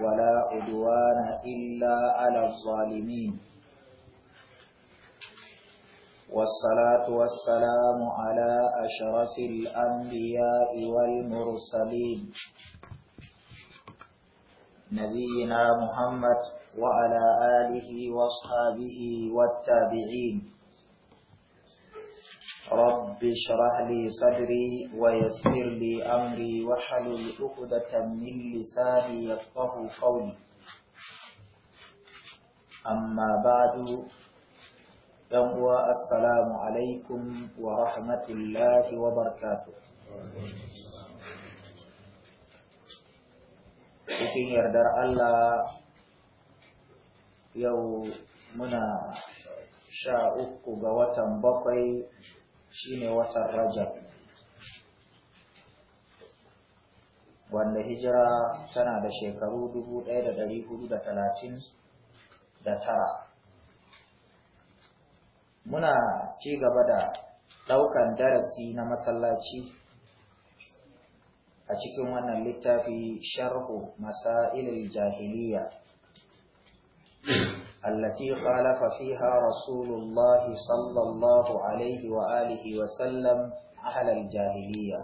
ولا عدوان إلا على الظالمين والصلاة والسلام على أشرف الأنبياء والمرسلين نبينا محمد وعلى آله واصحابه والتابعين رب اشرح لي صدري ويسر لي أمري واحلل عقدة من لساني يفقه قولي أما بعد يوم السلام عليكم ورحمة الله وبركاته cikin yardar Allah yau muna sha uku ga watan bakwai shine watan rajab wanda hijira tana da shekaru 1439 muna ci gaba da daukan darasi na masallaci a cikin wannan littafi sharhu masailil jahiliya التي خالف فيها رسول الله صلى الله عليه وآله وسلم أهل الجاهلية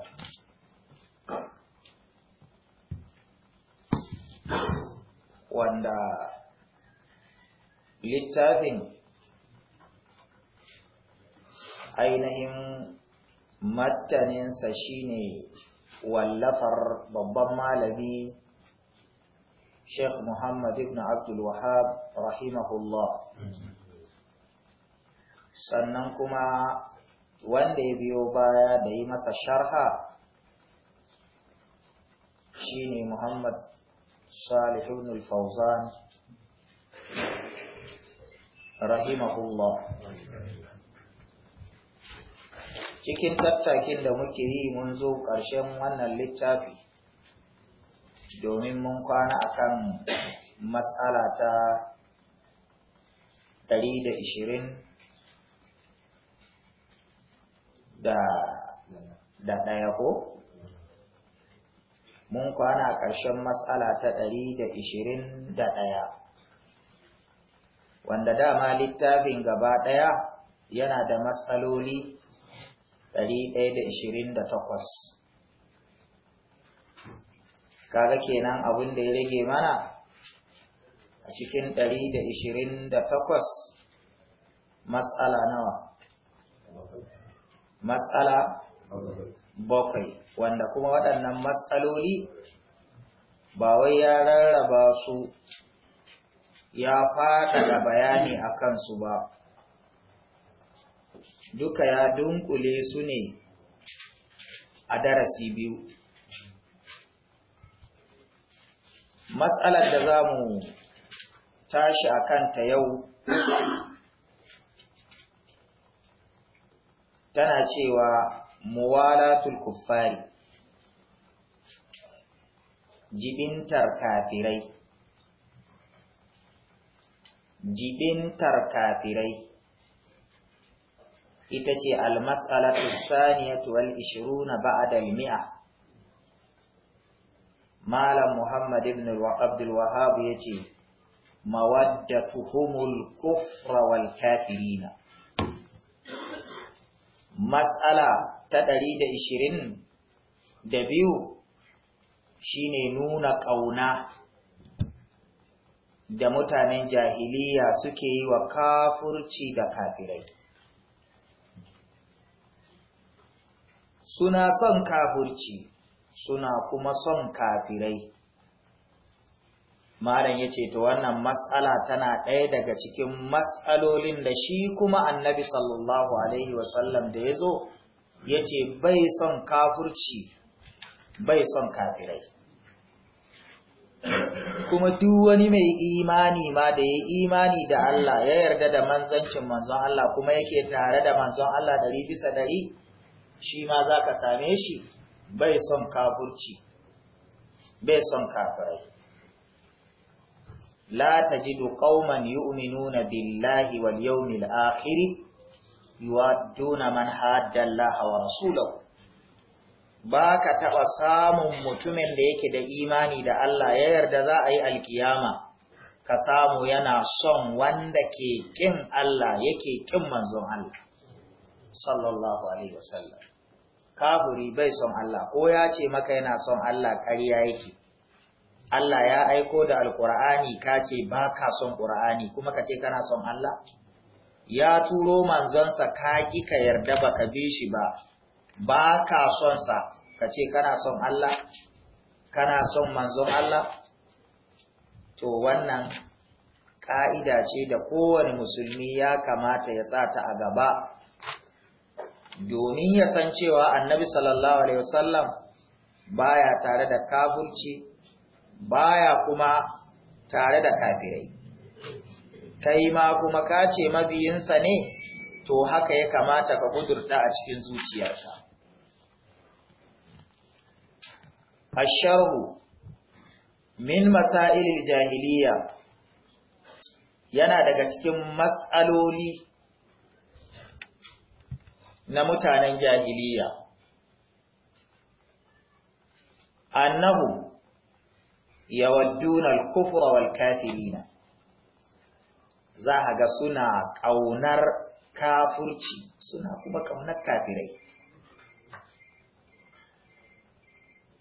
وأن للتابن أينهم متن سشيني واللفر ببما لبي Sheikh Muhammad ibn Abdul Wahab rahimahullah sannan kuma wanda ya biyo baya da yi masa sharha shine Muhammad Salih ibn al-Fawzan rahimahullah cikin tattakin da muke yi mun zo ƙarshen wannan littafi domin mun kwana akan matsala ta 120 da da ɗaya ko? Mun kwana ƙarshen matsala ta ɗari da ɗaya, wanda dama littafin gaba ɗaya yana da matsaloli ɗari ɗaya da ishirin da takwas. kaga kenan abin da ya rage mana a cikin 128 matsala nawa matsala bakwai wanda kuma waɗannan matsaloli ba wai ya rarraba su ya faɗaɗa bayani a kansu ba duka ya dunkule su ne a darasi biyu matsalar da za mu tashi a kanta yau tana cewa muwalatul kuffari jibintar kafirai jibintar kafirai ita ce almas'alatu saniyatu wal 20 ba'da al-mi'a Malam Muhammad ibn Abdul Wahhab yace mawaddatuhumul kufra wal kafirina Matsala ta ɗari da da biyu shine nuna ƙauna. da mutanen jahiliya suke yi wa kafurci da kafirai suna son kafurci suna kuma son kafirai malam ya ce to wannan mas'ala tana ɗaya daga cikin mas'alolin da shi kuma annabi sallallahu alaihi wasallam da ya zo ya ce bai son kafurci bai son kafirai kuma duk wani mai imani ma da ya imani da Allah ya yarda da manzancin manzon Allah kuma yake tare da manzon Allah ɗari bisa ɗari shi ma za ka same shi bai son kafurci bai son kafirai la tajidu qauman yu'minuna billahi wal yawmil akhir man hadda Allah wa rasulahu baka taɓa samun mutumin da yake da imani da Allah ya yarda za a yi alkiyama ka samu yana son wanda ke kin Allah yake kin manzon Allah sallallahu alaihi wasallam kafuri bai son Allah ko ya ce maka yana son Allah ƙarya yake Allah ya aiko da alƙur'ani ka ce ba ka son ƙur'ani kuma ka ce kana son Allah ya turo manzonsa ka ƙi ka yarda ba ka bi shi ba ba ka son sa ka ce kana son Allah kana son manzon Allah to wannan ƙa'ida ce da kowane musulmi ya kamata ya sa ta a gaba domin ya san cewa annabi sallallahu alaihi wasallam baya tare da kafurci baya kuma tare da kafirai kai ma kuma ka ce mabiyinsa ne to haka ya kamata ka gudurta a cikin zuciyarka asharhu min masailil jahiliya yana daga cikin mas'aloli na mutanen jahiliya annahu ya al-kufra wal kafirina za a ga suna ƙaunar kafurci suna kuma ƙaunar kafirai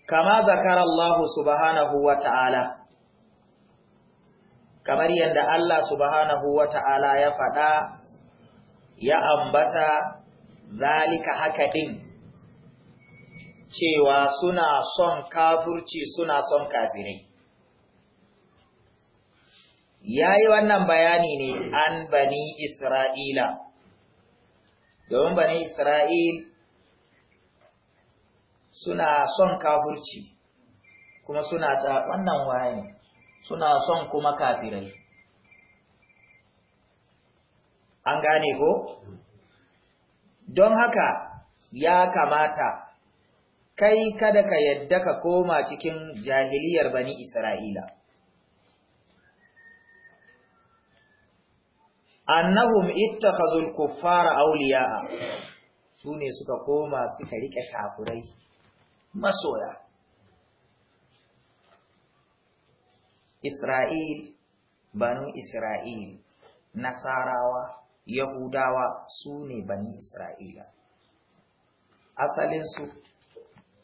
kama zakara Allah subhanahu wa ta'ala kamar yadda Allah subhanahu wa ta'ala ya faɗa ya ambata zalika haka ɗin cewa suna son kafurci suna son kafirai. Ya yi wannan bayani ne an bani Isra'ila, domin bani Isra'il suna son kafurci kuma suna ta wannan waye suna son kuma kafirai. An gane ko? don haka ya kamata kai kada ka yadda ka koma cikin jahiliyar bani Isra'ila. Annahum fara auliya a su ne suka koma suka riƙe kafurai masoya. Isra'il, banu Isra'il, Nasarawa, Yahudawa su ne bani Isra'ila. Asalinsu,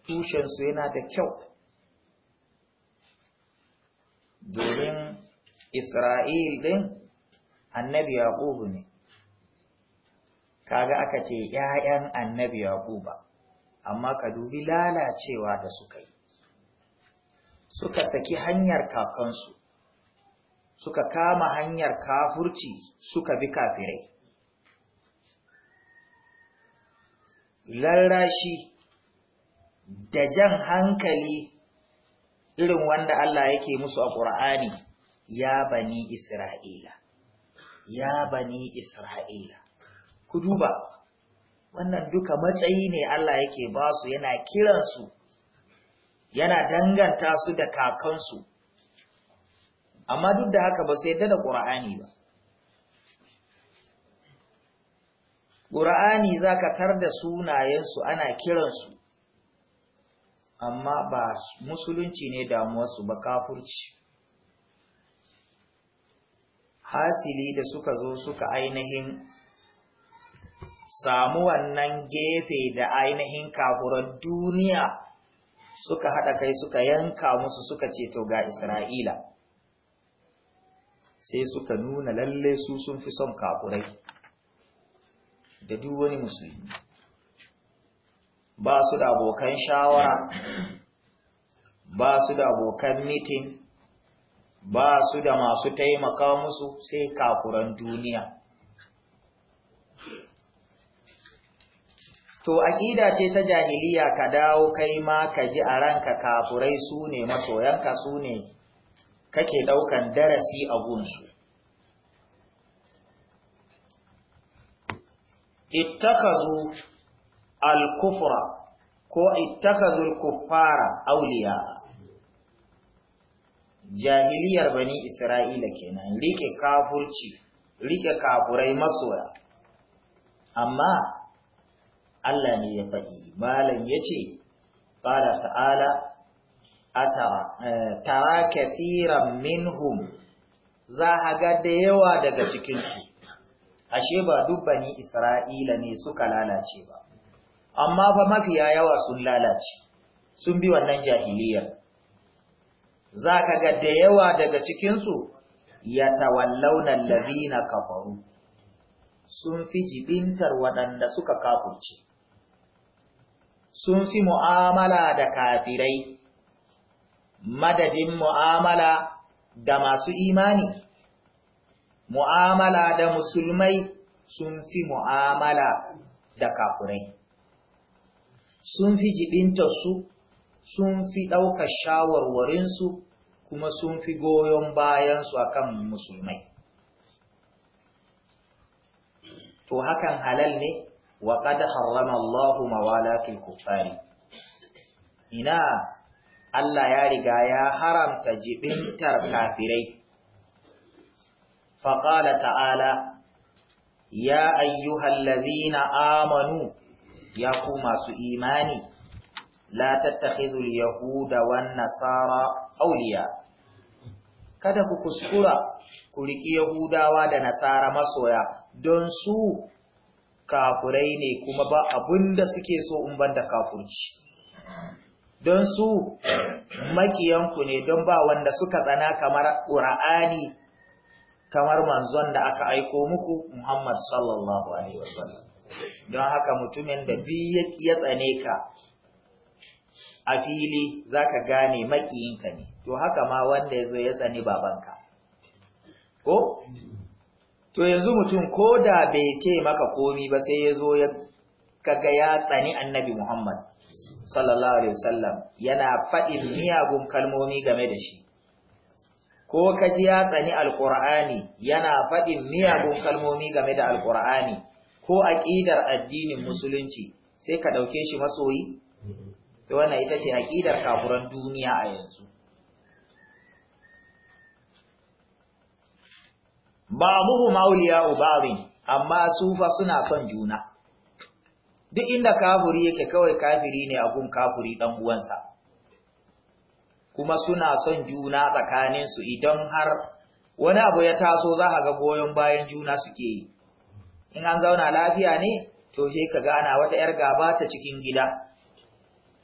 tushensu yana da kyau, domin Isra'il ɗin annabi Yaƙubu ne, kaga aka ce ‘ya'yan annabi Yaƙuba, amma ka dubi lalacewa da suka yi. Suka saki hanyar kakansu. suka kama hanyar kafurci suka bi kafirai Lallashi, da jan hankali irin wanda Allah yake musu a ƙur'ani ya bani Isra'ila, ya bani Isra'ila. Ku duba, wannan duka matsayi ne Allah yake ba su yana kiransu, yana danganta su da kakansu, amma duk da haka ba su yadda da ƙur'ani ba. ƙura'ani za ka tar da sunayensu ana kiransu amma ba musulunci ne damuwarsu ba kafurci hasili da suka zo suka ainihin samu wannan gefe da ainihin kafurar duniya suka haɗa kai suka yanka musu suka ce to ga Isra'ila, sai suka nuna lalle su sun fi son kafurai. da duk wani musulmi ba su da abokan shawara ba su da abokan mitin ba su da masu taimaka musu sai kafuran duniya to aƙida ce ta jahiliya ka dawo kai ma ka ji a ranka kafurai su ne masoyanka su ne kake ɗaukan darasi a gunsu ittakazu al-kufra ko ittakazu al-kuffara awliya jahiliyar bani isra'ila kenan rike kafurci rike kafurai masoya amma Allah ne ya faɗi malam yace qala ta'ala atara eh, tara kathiran minhum za a ga da yawa daga cikinsu ashe ba duk bani Isra'ila ne suka lalace ba, amma fa mafiya yawa sun lalace, sun bi wannan jahiliyar. Za ka ga da yawa daga cikinsu ya tawallaunan labina kafaru, sun fi jibintar waɗanda suka kafurce, sun fi mu'amala da kafirai, madadin mu'amala da masu imani. mu'amala da musulmai sun fi mu'amala da kafirai sun fi su, sun fi ɗaukar shawarwarinsu kuma sun fi goyon bayansu akan musulmai to hakan halal ne wa qad harrama Allahu mawalatul kuffari ina Allah ya riga ya haramta jibintar kafirai فقال تعالى يا أيها الذين آمنوا يقوم إيماني لا تتخذوا اليهود والنصارى أولياء kada ku kuskura ku riƙi Yahudawa da Nasara masoya don su kafurai ne kuma ba abinda suke so in banda kafurci. Don su makiyanku ne don ba wanda suka tsana kamar ƙura'ani kamar manzon da aka aiko muku Muhammad sallallahu Alaihi wasallam. Don haka mutumin da biyu ya tsane ka a fili zaka gane makiyinka ne, to haka ma wanda yazo ya tsane babanka. Ko? To yanzu mutum ko da bai ce maka komi ba sai yazo ya kaga ya tsani annabi Muhammad sallallahu Alaihi wasallam yana faɗin miyagun kalmomi game da shi. ko kaji ya tsani alƙur'ani yana faɗin miyagun kalmomi game da alƙur'ani ko aƙidar addinin musulunci sai ka ɗauke shi masoyi? To wannan ita ce aƙidar kafuran duniya a yanzu. Ba muhu mauliya ubarin, amma fa suna son juna. Duk inda kafuri yake kawai kafiri ne a gun kafuri ɗan uwansa. kuma suna son juna tsakaninsu idan har wani abu ya taso za ka ga goyon bayan juna suke yi in an zauna lafiya ne to sai ka gana wata 'yar gaba ta cikin gida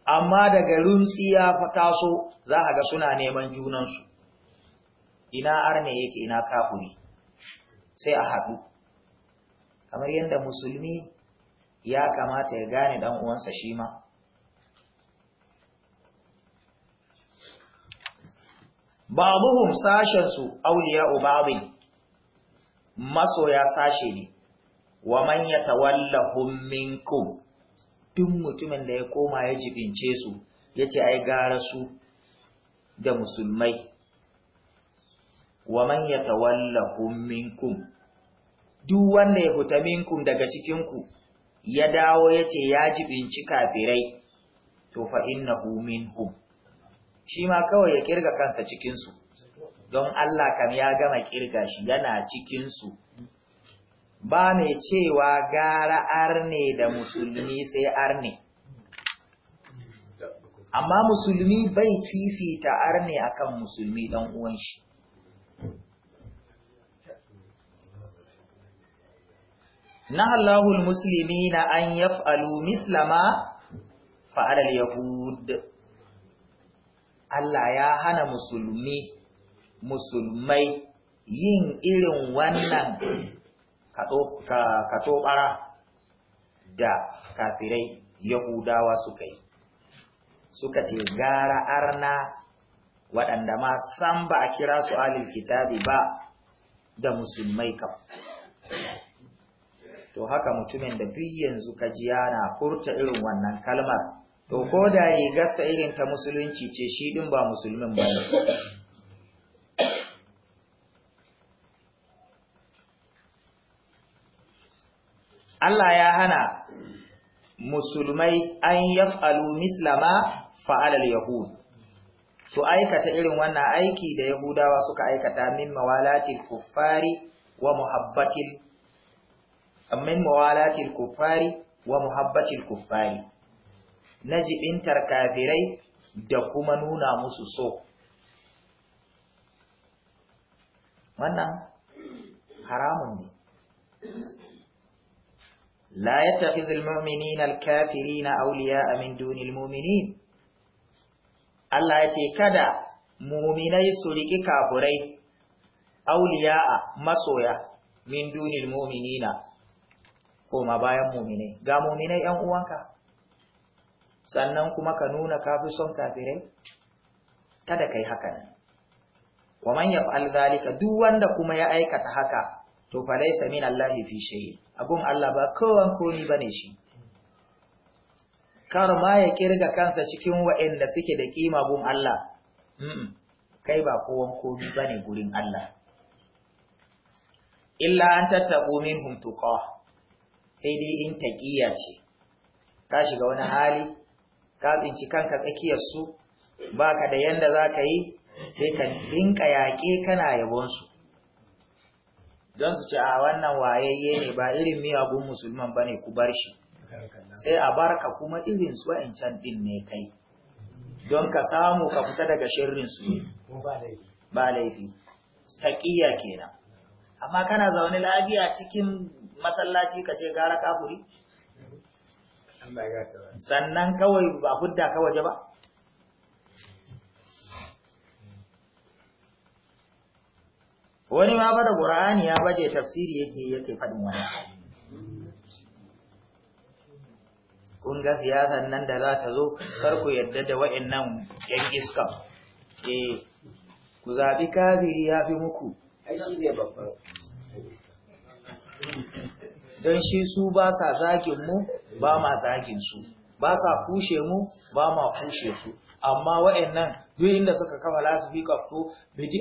amma daga ya fa taso za ka ga suna neman junansu ina arne yake ina kafuri sai a haɗu kamar yadda musulmi ya kamata ya gane ɗan uwansa shima. su sashansu awliya'u ubabin masoya sashe ne wa man yatawallahum minkum duk mutumin da ya koma ya jibince su yace ai gara su da musulmai wa man yatawallahum minkum duk wanda ya fita minkum daga cikin ku ya dawo yace ya jibinci kafirai to fa innahu minhum shi ma kawai ya kirga kansa cikinsu don Allah kam ya gama kirga shi yana cikinsu ba mai cewa gara arne da musulmi sai arne amma musulmi bai fifita arne akan musulmi dan uwan shi na Allahul musulmi na an yaf'alu mislama fa'alal yahud Allah ya hana musulmi musulmai yin irin wannan katobara da kafirai Yahudawa suka yi, suka ce gara arna waɗanda ma san ba a kira su alil kitabi ba da musulmai kam. To haka mutumin da duk yanzu jiya na yana furta irin wannan kalmar to ko da rigarsa irin ta musulunci ce shi din ba musulmin ba ne Allah ya hana musulmai an yaf'alu mislama fa'alal yahud su aikata irin wannan aiki da Yahudawa suka aikata min mawalatil kuffari wa muhabbatil min kuffari wa muhabbatil kuffari na jibintar kafirai da kuma nuna musu so. Wannan haramun ne. La ya tafi zulmuminin na a min dunil muminin. Allah ya ce kada muminai su riƙi kafurai, auliya a masoya min dunil muminina, bayan ga muminai ‘yan uwanka’. sannan kuma ka nuna kafi son kafirai kada kai haka nan wa man fa’al zalika duk wanda kuma ya aikata haka to fa laysa min Allah fi shay abun Allah ba kowan komi bane shi kar ma ya kirga kansa cikin wa'anda suke da kima gun Allah mm kai ba kowan komi bane gurin Allah illa an tattaɓo minhum tuqa sai dai in taqiya ce ka shiga wani hali ka tsinci kanka tsakiyarsu ba ka da yanda za ka yi sai ka dinka yaƙe kana yabonsu don su ce a wannan wayayye ne ba irin miyagun musulman ba ne ku bar shi sai a barka kuma irin su can ɗin ne kai don ka samu ka fita daga su ne ba laifi taƙiyya kenan amma kana zaune lafiya cikin masallaci ka ce gara kafuri sannan kawai ba hudda ka waje ba wani ma bada qur'ani ya baje tafsiri yake yake fadin wani kun ga siyasan nan da za ta zo kar ku yadda da wa'annan yan iska eh ku zabi kafiri ya fi muku ai ne babban don shi su ba sa zagin mu ba ma zagin su ba sa kushe mu ba ma kushe su amma wa'annan duk inda suka kafa lasifi kafto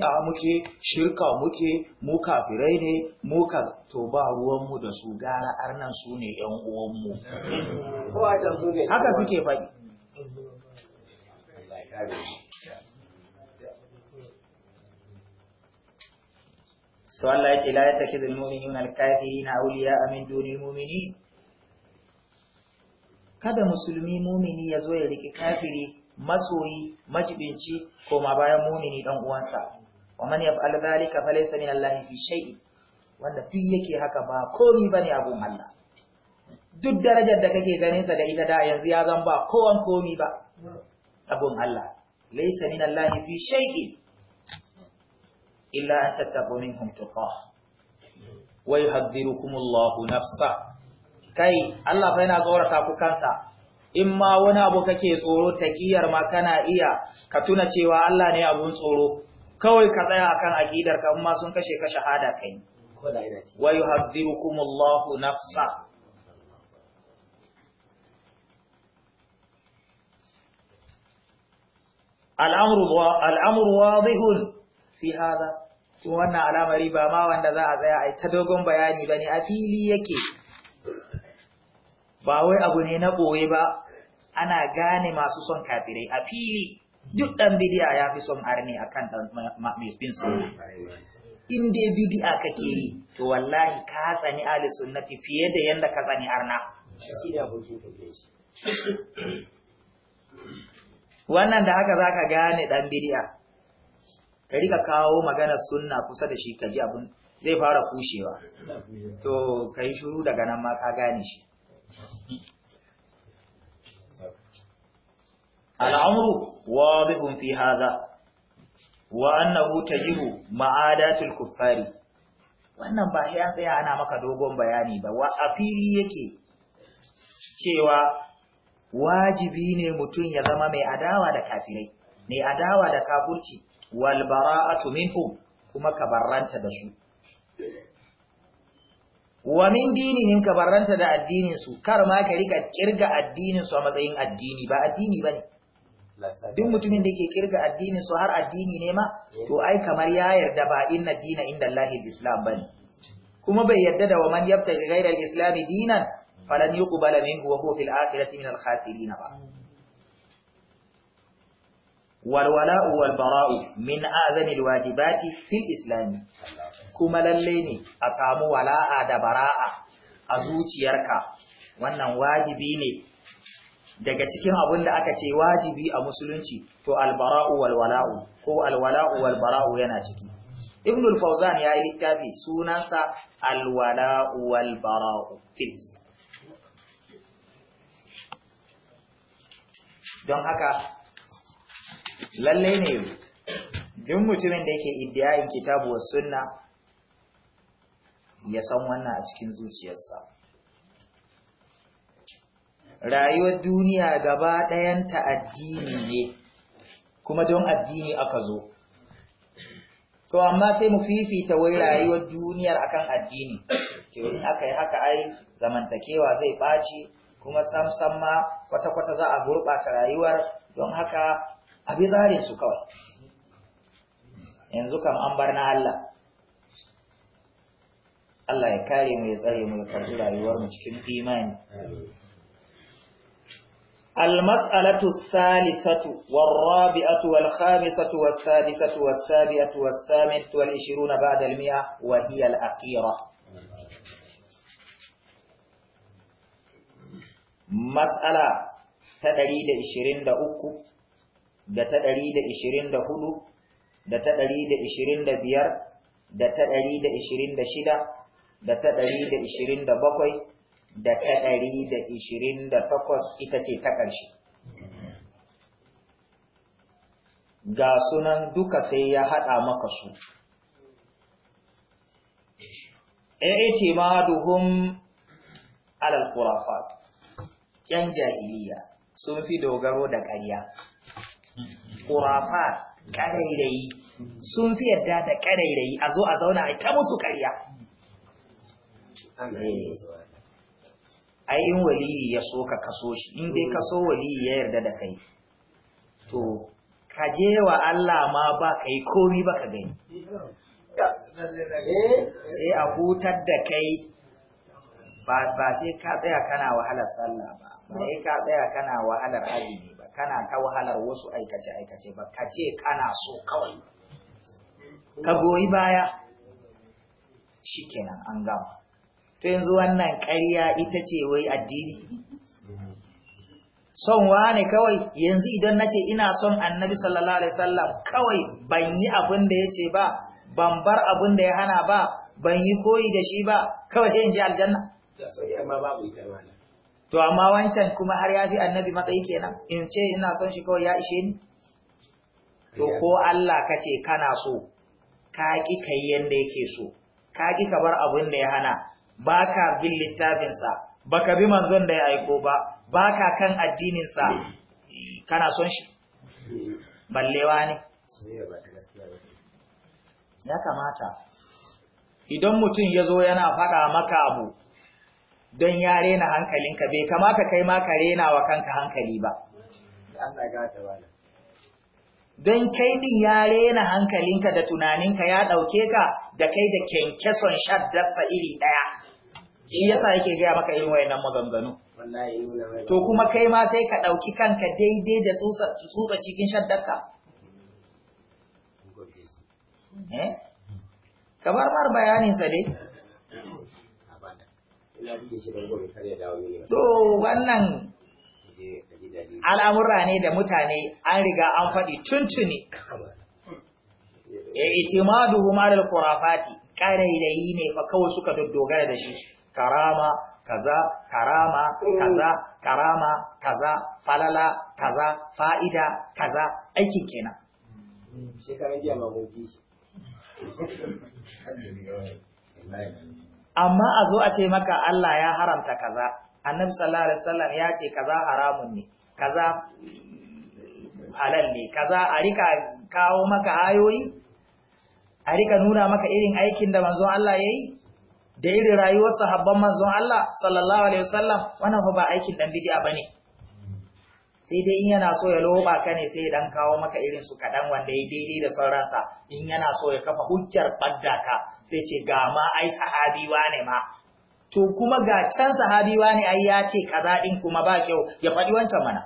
a muke shirka muke mu kafirai ne mu ka to ba ruwan mu da su gara arnan su ne yan uwan mu haka suke faɗi to Allah ya ce la yattakizu almu'minuna alkafirina awliya'a min dunil mu'minin kada musulmi mumini ya zo ya riki kafiri masoyi majibinci koma bayan mumini dan uwansa wa man yaf'al dhalika falaysa min Allah fi shay'in wanda duk yake haka ba komai bane abun Allah duk darajar da kake ganin sa da ita da yanzu ya zan ba kowan komai ba abun Allah laysa min Allah fi shay'in illa an tattaqu minhum tuqah wa yuhadhdhirukum Allah nafsa kai Allah fa yana tsorata ku kansa in ma wani abu kake tsoro taqiyar ma kana iya ka tuna cewa Allah ne abun tsoro kawai ka tsaya akan aqidar ka amma sun kashe ka shahada kai wa yuhadhdhirukum Allah nafsa الأمر الأمر واضح fi hada wannan al'amari ba ma wanda za a tsaya a ta dogon bayani ba ne a fili yake ba wai abu ne na ɓoye ba ana gane masu son kafirai a fili duk ɗan bidiya ya fi son arni a kan mai bin sunna in dai bidiya kake yi to wallahi ka tsani ahli sunnati fiye da yanda ka tsani arna wannan da haka za ka gane dan bidiya ka rika kawo magana sunna kusa da shi ka ji abin zai fara kushewa to ka yi shuru daga nan ma ka gane shi al'amuru wadihun fi haza? wa annahu tajibu ma'adatul kuffari wannan ba ya tsaya ana maka dogon bayani ba wa a fili yake cewa wajibi ne mutum ya zama mai adawa da kafirai mai adawa da kafurci wal bara'atu minhum kuma ka barranta da su wa min dinihim ka barranta da addininsu, kar ma ka rika a matsayin addini ba addini bane duk mutumin da yake kirga addininsu su har addini ne ma to ai kamar ya yarda ba inna dina inda Allahi islam bane kuma bai yarda da waman yabta ghayra al-islam dinan falan yuqbala minhu wa huwa fil akhirati min al-khasirin ba walwala'u walbara'u min azamil wajibati fil islami kuma lalle ne a samu wala'a da bara'a a zuciyarka wannan wajibi ne daga cikin abin da aka ce wajibi a musulunci to albara'u walwala'u ko alwala'u walbara'u yana ciki ibn al-fawzan ya yi littafi sunansa alwala'u walbara'u fil islam don haka Lallai ne duk mutumin da yake iddiyayin kitabu wa sunna ya san wannan a cikin zuciyarsa rayuwar duniya gaba ɗayanta addini ne kuma don addini aka zo to amma sai mu fifita wai rayuwar duniyar akan addini to in aka yi haka ai zamantakewa zai ɓaci kuma samsam ma kwata-kwata za a gurɓata rayuwar don haka a bi zarin su kawai yanzu kam an bar na Allah Allah ya kare mu ya tsare mu ya karbi rayuwar mu cikin imani المسألة الثالثة والرابعة والخامسة والسادسة والسابعة والثامنة والعشرون بعد المئة وهي الأخيرة مسألة تدريد عشرين دا أكو da ta ɗari da ishirin da hudu da ta ɗari da ishirin da biyar da ta ɗari da ishirin da shida da ta ɗari da ishirin da bakwai da ta ɗari da ishirin da takwas ita ce ta ƙarshe ga sunan duka sai ya haɗa maka su i'timaduhum alal khurafat yan jahiliya sun fi dogaro da ƙarya ƙurafa ƙarairayi sun fi yadda da ƙarairayi a zo a zauna a ta musu ƙarya Ayin in waliyi ya so ka kaso shi in dai kaso waliyi ya yarda da kai to ka je wa Allah ma ba ka yi komi ba ka gani sai a hutar da kai ba sai ka tsaya kana wahalar sallah ba ba sai ka tsaya kana wahalar azumi kana ta wahalar wasu aikace-aikace ba ka ce kana so kawai ka goyi baya shi kenan an gama to yanzu wannan ƙarya ita ce wai addini son wane kawai yanzu idan na ce ina son annabi sallallahu alaihi wasallam kawai ban yi abin da yace ba ban bar abin da ya hana ba ban yi koyi da shi ba kawai sai in ji aljanna to amma wancan kuma har ya fi annabi matsayi kenan in ce ina son shi kawai ya ishe ni to ko Allah ka ce kana so ka ƙi ka yi yadda yake so ka ƙi ka bar abin da ya hana ba ka bin littafinsa ba ka bi manzon da ya aiko ba ba ka kan addininsa kana son shi ballewa ne ya kamata idan mutum ya zo yana faɗa maka abu don ya rena hankalinka bai kamata kai ma ka rena wa kanka hankali ba don kai din ya rena hankalinka da tunaninka ya ɗauke ka da kai da kyankyason shaddarsa iri ɗaya shi yasa yake gaya maka irin wayannan maganganu to kuma kai ma sai ka ɗauki kanka daidai da tsutsa cikin shaddarka kamar mar sa dai To wannan al'amurra ne da mutane an riga an faɗi tuntuni. Ya eh, fati. humarar kurafati, ƙarairayi ne fa kawai suka dogara da shi, karama, kaza, karama, kaza, karama, kaza, falala, kaza, fa'ida, kaza, aikin kenan. jiya shi. amma a zo a ce maka Allah ya haramta kaza annabi sallallahu alaihi wasallam ya ce kaza haramun ne kaza halal ne kaza a rika kawo maka ayoyi a rika nuna maka irin aikin da manzon Allah yayi da irin rayuwar sahabban manzon Allah sallallahu alaihi wasallam wannan ba aikin dan bid'a bane sai dai in yana so ya loba ka ne sai dan kawo maka irin su kadan wanda ya daidai da sauransa in yana so ya kafa hujjar badda ka sai ce ga ma ai sahabi wane ma to kuma ga can sahabi wane ai ya ce kaza din kuma ba kyau ya faɗi wancan mana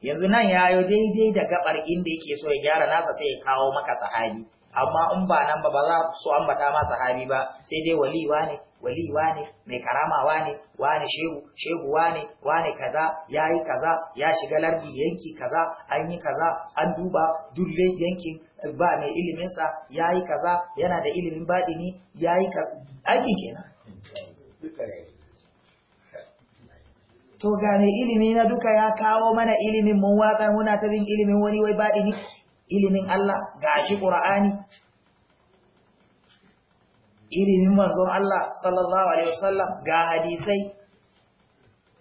yanzu nan ya yi daidai da gabar inda yake so ya gyara nasa sai ya kawo maka sahabi amma in ba nan ba ba za su ambata ma sahabi ba sai dai waliwa ne wali wane mai karama wane wane shehu shehu wane wane kaza yayi kaza ya shiga lardi yanki kaza an yi kaza an duba dulle yankin ba mai iliminsa yayi kaza yana da ilimin ne yayi ka aiki kenan to ga mai ilimi na duka ya kawo mana ilimin mun watsa, muna ta bin ilimin wani wai ne ilimin Allah gashi Qur'ani ilimin manzon Allah sallallahu alaihi wasallam ga hadisai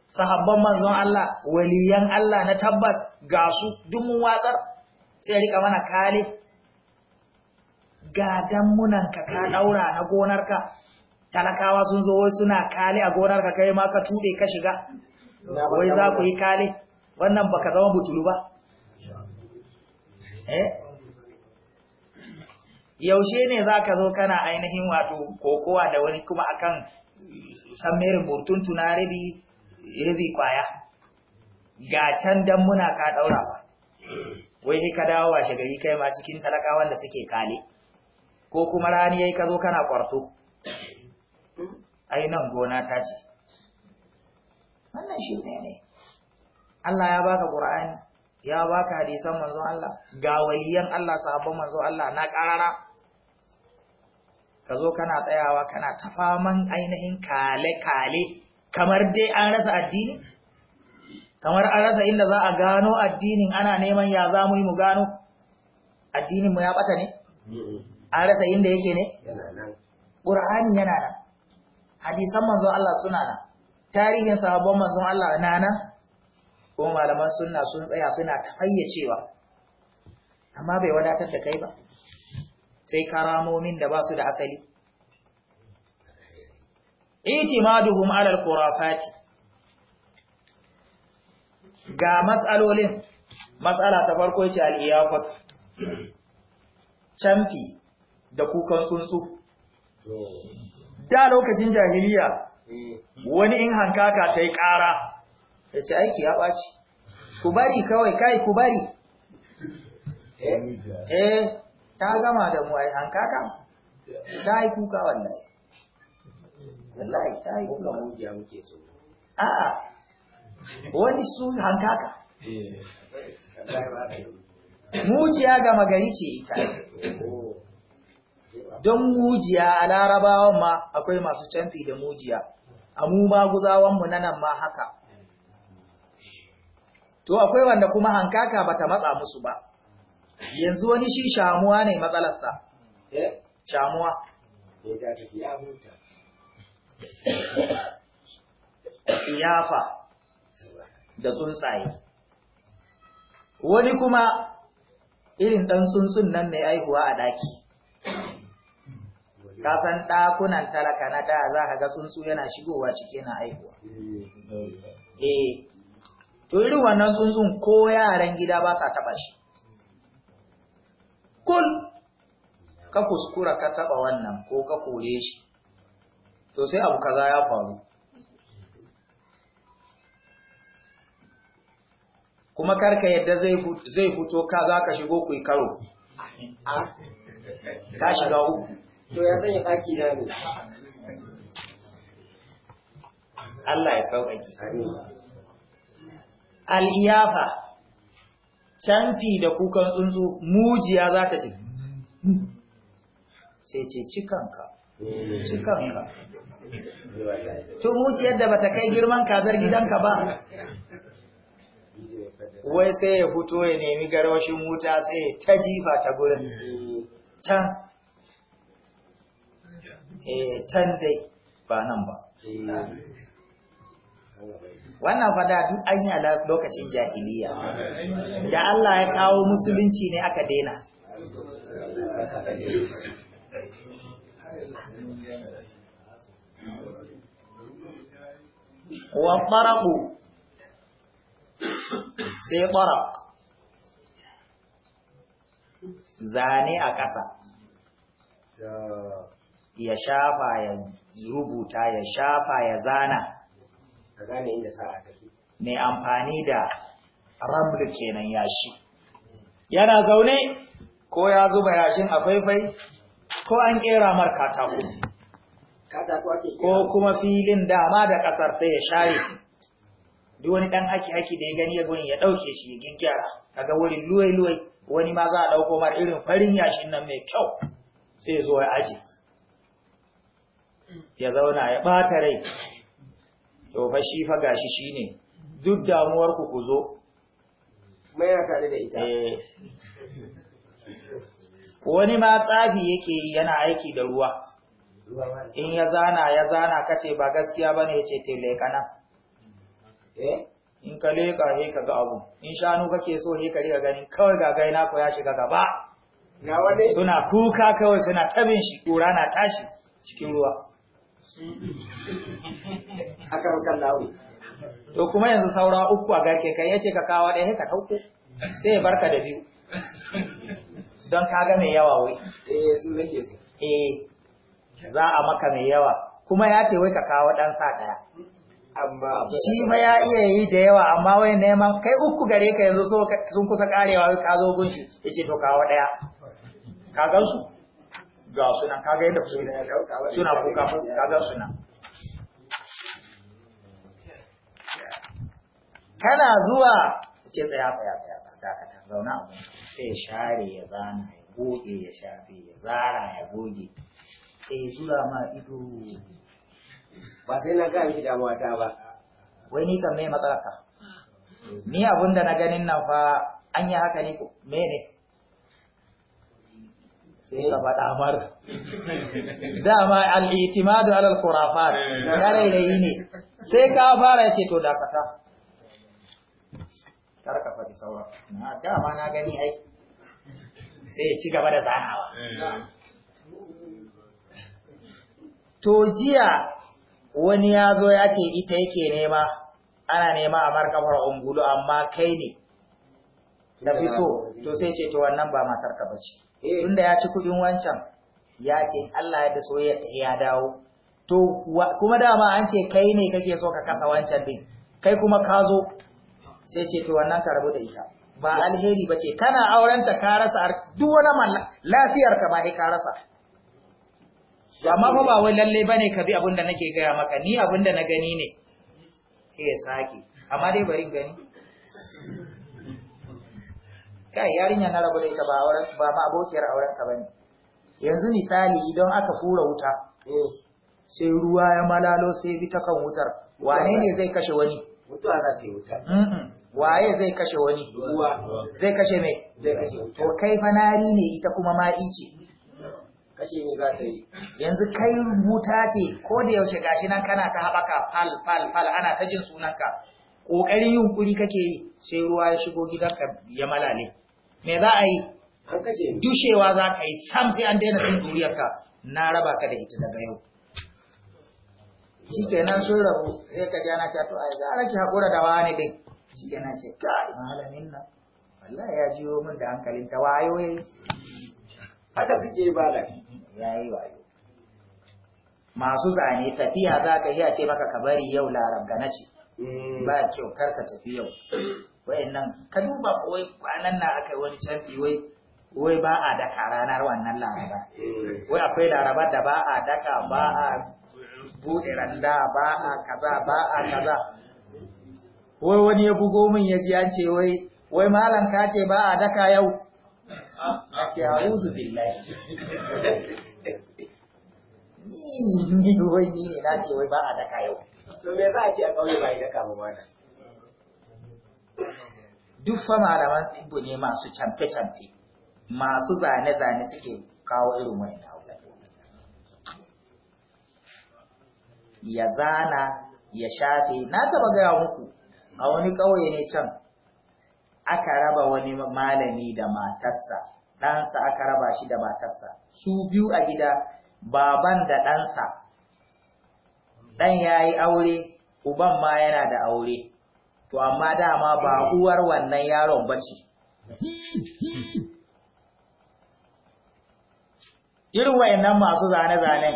sahabban manzon Allah waliyan Allah na tabbas ga su duk mun watsar sai rika mana kale ga dammunan ka ka daura na gonarka talakawa sun zo wai suna kale a gonarka kai ma ka tube ka shiga wai za ku yi kale wannan baka zama butulu ba eh yaushe ne za ka zo kana ainihin wato kokowa da wani kuma akan san mai rubutuntu na rabi kwaya ga can dan muna ka daura ba wai ka dawo washe gari kai ma cikin talakawan da suke kale ko kuma rani yayi ka zo kana kwarto ainihin gona ta ce wannan shi ne ne Allah ya baka ƙura'ani, ya baka hadisan manzo Allah ga waliyan Allah sahabban manzo Allah na ƙarara ka zo kana tsayawa kana ta faman ainihin kale-kale kamar dai an rasa addini kamar an rasa inda za a gano addinin ana neman ya za mu yi mu gano addinin mu ya bata ne an rasa inda yake ne ƙur'ani yana nan hadisan manzo Allah suna nan tarihin sahabban manzo Allah na nan kuma malaman sunna sun tsaya suna ta fayyacewa amma bai wadatar da kai ba sai karamomin da ba su da asali itimaduhum alal kurafati. ga matsalolin matsala ta farko ce al da kukan tsuntsu da lokacin jahiliya wani in hankaka ta yi ƙara da ce aiki ya ɓaci ku bari kawai kai ku bari eh, eh ta gama da mu ai hankaka ta yi kuka wallahi wallahi ta yi kuka mujiya muke so a'a wani su hankaka mujiya gama gari ce ita don mujiya a larabawan ma akwai masu canfi da mujiya a mu guzawan mu nan ma haka to akwai wanda kuma hankaka bata matsa musu ba yanzu wani shi shamuwa ne matsalarsa eh? shamuwa iyafa da tsuntsaye wani kuma irin ɗan tsuntsun nan mai aihuwa a ɗaki kasan ɗakunan talaka na ɗaya za ka ga tsuntsu yana shigowa ciki na aihuwa eh, eh. to irin wannan tsuntsun ko yaran gida ba sa taɓa shi kul ka kuskura ka taba wannan ko ka kore shi to sai abu kaza ya faru kuma karka yadda zai fito ka za ka shigo ku yi karo ka shiga uku to ya zai ɗaki na ne Allah ya sauƙaƙi al-iyafa canfi da kukan tsuntsu mujiya za ka ce hmm. sai ce cikanka cikanka to mujiyar da ta kai girman kazar gidanka ba wai sai ya fito ya nemi garwashin wuta sai ta jifa ta gurin can eh can dai ba nan ba wannan fada duk an yi a lokacin jahiliya da Allah ya kawo musulunci ne aka daina wa ɓaraku sai ɓarak zane a ƙasa ya shafa ya rubuta ya shafa ya zana mai amfani da ramlu kenan yashi yana zaune ko ya zuba yashin a faifai ko an kera mar katako ko kuma filin dama da kasar sai ya share duk wani dan haki haki da ya gani ya gani ya dauke shi ya kaga wurin luwai luwai wani ma za a dauko mar irin farin yashin nan mai kyau sai ya zo ya aji ya zauna ya bata rai to fa shi fa gashi shine duk damuwar ku ku zo mai na tare da ita eh. wani ma tsafi yake yana aiki da ruwa in ya zana ya zana kace ba gaskiya bane yace te leka nan eh in ka leka he ka ga abu in shanu kake so he ka riga gani kawai ga gaina ko ya shiga gaba suna kuka kawai suna tabin shi kura na tashi cikin ruwa aka rukan lawo to kuma yanzu saura uku a gake kai yace ka kawo ɗaya ka ɗauko sai ya barka da biyu don kaga mai yawa wai eh su nake so eh za a maka mai yawa kuma ya ce wai ka kawo ɗan sa ɗaya shi ma ya iya yi da yawa amma wai neman kai uku gare ka yanzu sun kusa karewa wai ka zo gunshi ya ce to kawo ɗaya ka gan su ga suna kaga yadda kusa suna kuka kaga suna kana zuwa ce tsaya tsaya tsaya dakata zauna abu sai share ya zana ya goge ya shafe ya zara ya goge sai zura ma ido ba sai na ga miki damuwa ta ba wai ni kan me matsalaka ni abun da na ganin nan fa an yi haka ne ko me sai ka faɗa mar dama al'itimadu alal kurafat ƙarairayi ne sai ka fara ya ce to dakata karka faɗi sauran dama na gani ai sai ya ci gaba da zanawa to jiya wani ya zo ya ce ita yake nema ana nema a markafar ungulu amma kai ne da fi so to sai ce to wannan ba matar ba ce Eh. tunda ya ci kudin wancan ya ce Allah ya da so ya dawo to kuma dama an ce kai ne kake so ka kasa wancan din kai kuma ka zo sai ce to wannan ka rabu da ita ba alheri ba ce kana aurenta ka rasa duk wani lafiyar ka ba sai ka rasa amma fa ba wai lalle bane ka bi abin da nake gaya maka ni abin da na gani ne ke saki amma dai bari gani kai yarinya na rabu da ita ba auren ba ma abokiyar auren ka bane yanzu misali idan aka fura wuta hmm. sai ruwa ya malalo sai bi ta kan wutar wane ne zai kashe wani wuta za ta yi wuta waye zai kashe wani ruwa zai kashe mai zai kashe wuta to kai fa nari ne ita kuma ma ce kashe ne za ta yi yanzu kai wuta ce ko da yaushe gashi nan kana ta haɓaka fal fal fal ana ta jin sunanka ƙoƙarin yunkuri kake yi sai ruwa ya shigo gidanka ya malale me za a yi dushewa za ka yi sam sai an daina ɗin duriyarka na raba ka da ita daga yau shi nan sun rabu sai ka ji ana ce to ai gara ki haƙura da wani din shi kenan ce kai malamin nan wallahi ya jiyo min da hankalin ta wayo yayi haka suke ba da yayi wayo masu zane tafiya za ka iya ce maka ka bari yau larabga na ce mm. ba kyau kar ka tafi yau wayannan ka duba wai kwanan na aka yi wani canfi wai wai ba a daka ranar wannan laraba wai akwai laraba da ba a daka ba a buɗe randa ba a kaza ba a kaza wai wani ya bugo min ya ji an ce wai wai malam ka ce ba a daka yau ake a'udhu billahi ni ni wai ni ne na ce wai ba a daka yau to me za a ce a kauye ba a daka ba wannan duk fa malaman tsibbu ne masu camfe-camfe masu zane-zane suke kawo irin wayan abubuwa ya zana ya shafe na taba gaya muku a wani ƙauye ne can aka raba wani malami da matarsa ɗansa aka raba shi da matarsa su biyu a gida baban da ɗansa ɗan ya yi aure uban ma yana da aure to amma dama ba uwar wannan yaron ba ce. Irin wayannan masu zane-zane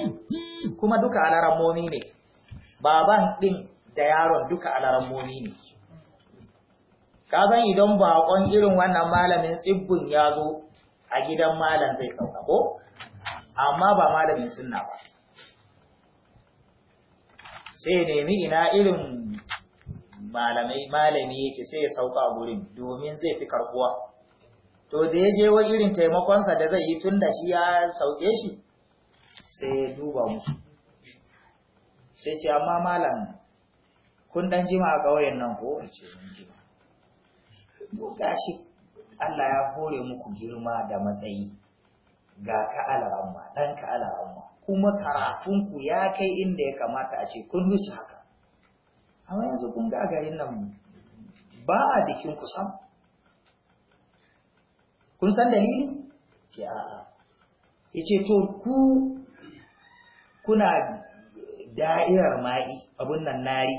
kuma duka momi ne, baban ɗin da yaron duka momi ne. Kazan idan bakon irin wannan malamin tsibbin ya zo a gidan malam zai sauka ko, amma ba malamin sunna ba. Sai nemi ina irin malamai malami yake sai ya sauka a gurin domin zai fi karbuwa to da ya je wa irin taimakonsa da zai yi tun da shi ya sauke shi sai ya duba musu sai ce amma malam kun dan jima a ƙauyen nan ko ce mun jima ko gashi Allah ya hore muku girma da matsayi ga ka alaramma dan ka alaramma kuma karatunku ya kai inda ya kamata a ce kun wuce haka amma yanzu kun ga a garin nan ba a dikin kusan kun san dalili ce ya ce to ku kuna da'irar ma'i abun nan nari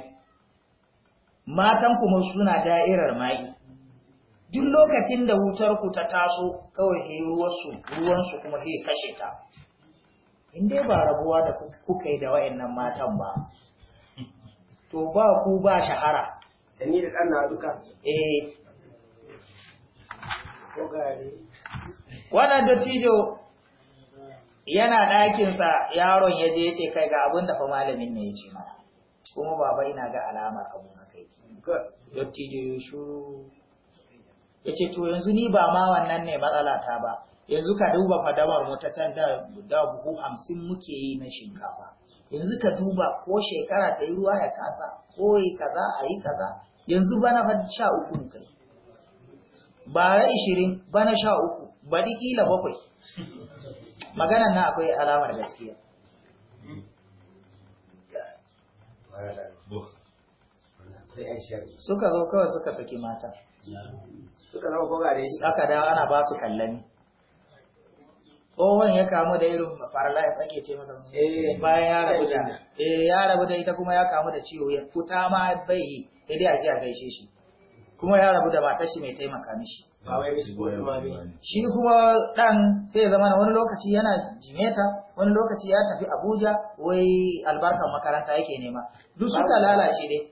matan kuma suna da'irar ma'i duk lokacin da wutar ku ta taso kawai he ruwansu kuma he kashe ta in dai ba rabuwa da kuka yi da nan matan ba to ba ku ba shahara da ni da ɗan na duka eh wannan tijo yana ɗakinsa yaron ya je ya ce kai ga abin da fa malamin ne ya ce mana kuma baba ina ga alamar abu na kai dattijo ya shuru ya ce to yanzu ni ba ma wannan ne matsalata ba yanzu ka duba fadawar mu ta can da buhu hamsin muke yi na shinkafa yanzu ka duba ko shekara ta yi ruwa ya kasa ko yi kaza a yi kaza yanzu bana fa sha uku ne kai bara ishirin bana sha uku bari ƙila bakwai maganan na akwai alamar gaskiya suka zo kawai suka saki mata suka zama kogare aka dawo ana ba su kallani tsohon ya kamu da irin farala ya tsake ce masa eh. bayan ya rabu da eh ya rabu da ita kuma ya kamu da ciwo ya kuta ma bai yi sai dai a a gaishe shi kuma ya rabu da matar shi mai taimaka mishi shi kuma dan sai ya zama wani lokaci yana jimeta wani lokaci ya tafi abuja wai albarkar makaranta yake nema duk ta lalace dai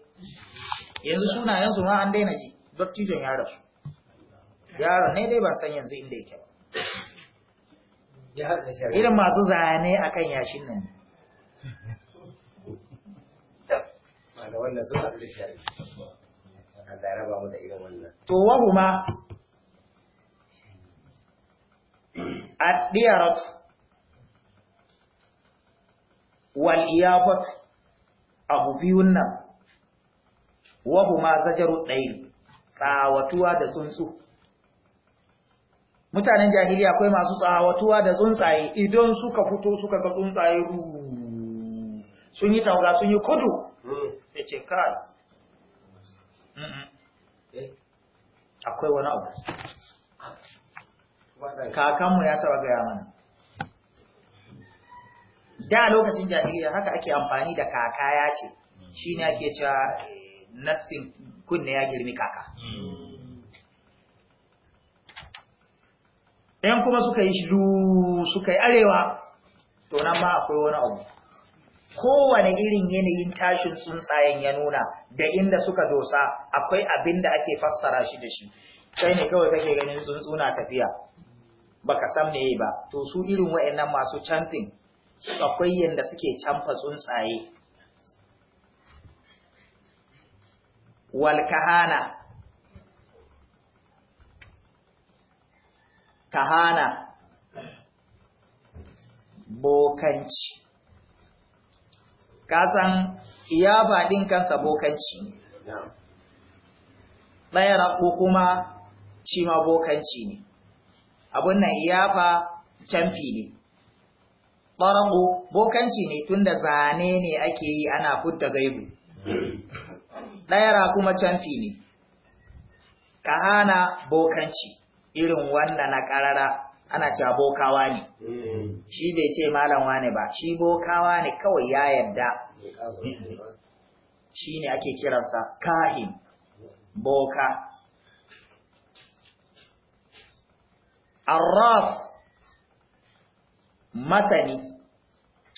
yanzu sunayensu ma an daina ji dattijon ya rasu yaron ne dai ba san yanzu inda yake irin masu zane a kan yashin nan to wahuma diyarot wal abu biyun nan wahuma zajaru ɗayin tsawatuwa da tsuntsu mutanen jahiliya akwai masu tsawatuwa da tsuntsaye idan suka fito suka ga tsuntsaye ruru sun yi tauga sun yi kudu da hmm. ce kai eh. akwai wani abu kakanmu ya taba gaya mana da lokacin jahiliya haka ake amfani da kaka ya ce hmm. shi ne ake cewa eh, nassin kunne ya girmi kaka hmm. ɗan kuma suka yi shidu suka yi arewa to nan ma akwai wani abu kowane irin yanayin tashin tsuntsayen ya nuna da inda suka dosa akwai abin da ake fassara shi da shi kai ne kawai kake ganin tsuntsuna tafiya, tafiya baka san meye ba to su irin nan masu camfin akwai yanda suke camfa tsuntsaye walkahana kahana bokanci kasan iya faɗin kansa bokanci ne ɗaya raɓo kuma shi ma bokanci ne abun nan fa canfi ne ɓarago bokanci ne tunda zane ne ake yi ana fudda gaibu ɗayara kuma canfi ne kahana bokanci irin wannan na karara ana cewa bokawa ne mm. shi bai ce malam wane ba shi bokawa ne kawai ya yadda shi ne ake kiransa kahin boka arraf masani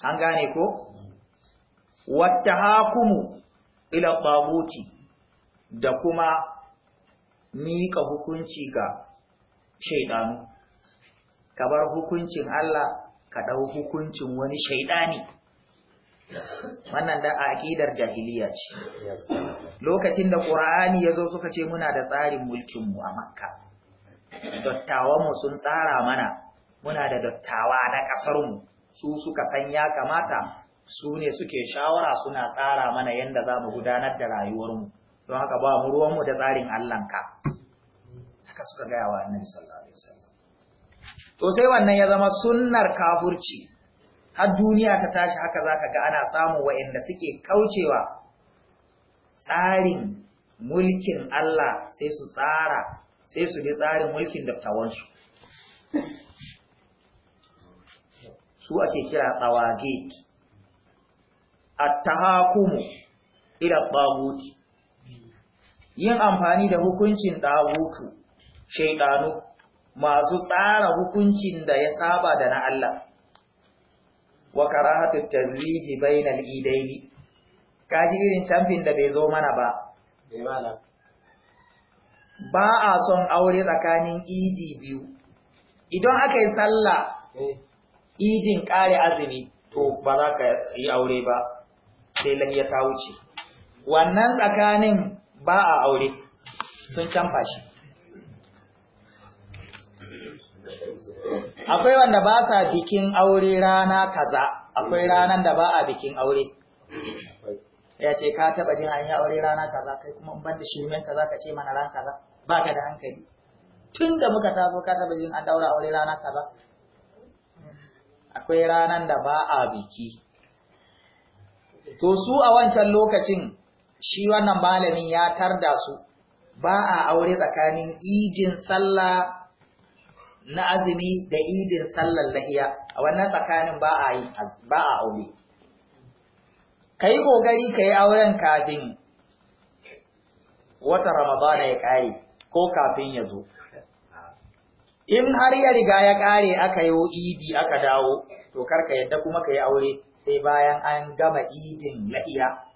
an gane ko wata hakumu ila babuti da kuma miƙa hukunci ga shaidanu ka bar hukuncin Allah ka ɗau hukuncin wani shaidani wannan da a aƙidar jahiliya ce lokacin da ƙura'ani yazo suka ce muna da tsarin mulkinmu a makka mu sun tsara mana muna da dottawa na ƙasarmu su suka san ya kamata su ne suke shawara suna tsara mana yadda za mu gudanar da rayuwarmu don haka ba mu ruwanmu da tsarin ka. haka suka gaya wa annabi sallallahu alaihi wasallam to sai wannan ya zama sunnar kafurci har duniya ta tashi haka zaka ga ana samu wa'anda suke kaucewa tsarin mulkin Allah sai su tsara sai su bi tsarin mulkin dattawansu su ake kira tsawage attahakumu ila tawuti yin amfani da hukuncin dawutu shaidanu masu tsara hukuncin da ya saba da na Allah wa karahatu tazwiji bainal idaini kaji irin canfin da bai zo mana ba ba a son aure tsakanin idi biyu idan aka yi sallah eh. idin kare azumi to ba za ka yi aure ba sai lahiya ta wuce wannan tsakanin ba a aure sun canfa shi akwai wanda ba sa bikin aure rana kaza akwai ranan da ba a bikin aure ya ce ka taba jin an yi aure rana kaza kai kuma ban da shirmen kaza ka ce mana ran kaza ba ka da hankali tun da muka taso ka taba jin an daura aure rana kaza akwai ranan da ba a biki to su a wancan lokacin shi wannan malamin ya tarda su ba a aure tsakanin idin sallah na azumi da idin sallar lahiya a wannan tsakanin ba a yi ba a aure ka yi ƙoƙari ka yi auren kafin wata ramadana ya ƙare ko kafin ya zo in har ya riga ya ƙare aka yi idi aka dawo to karka yadda kuma ka yi aure sai bayan an gama idin lahiya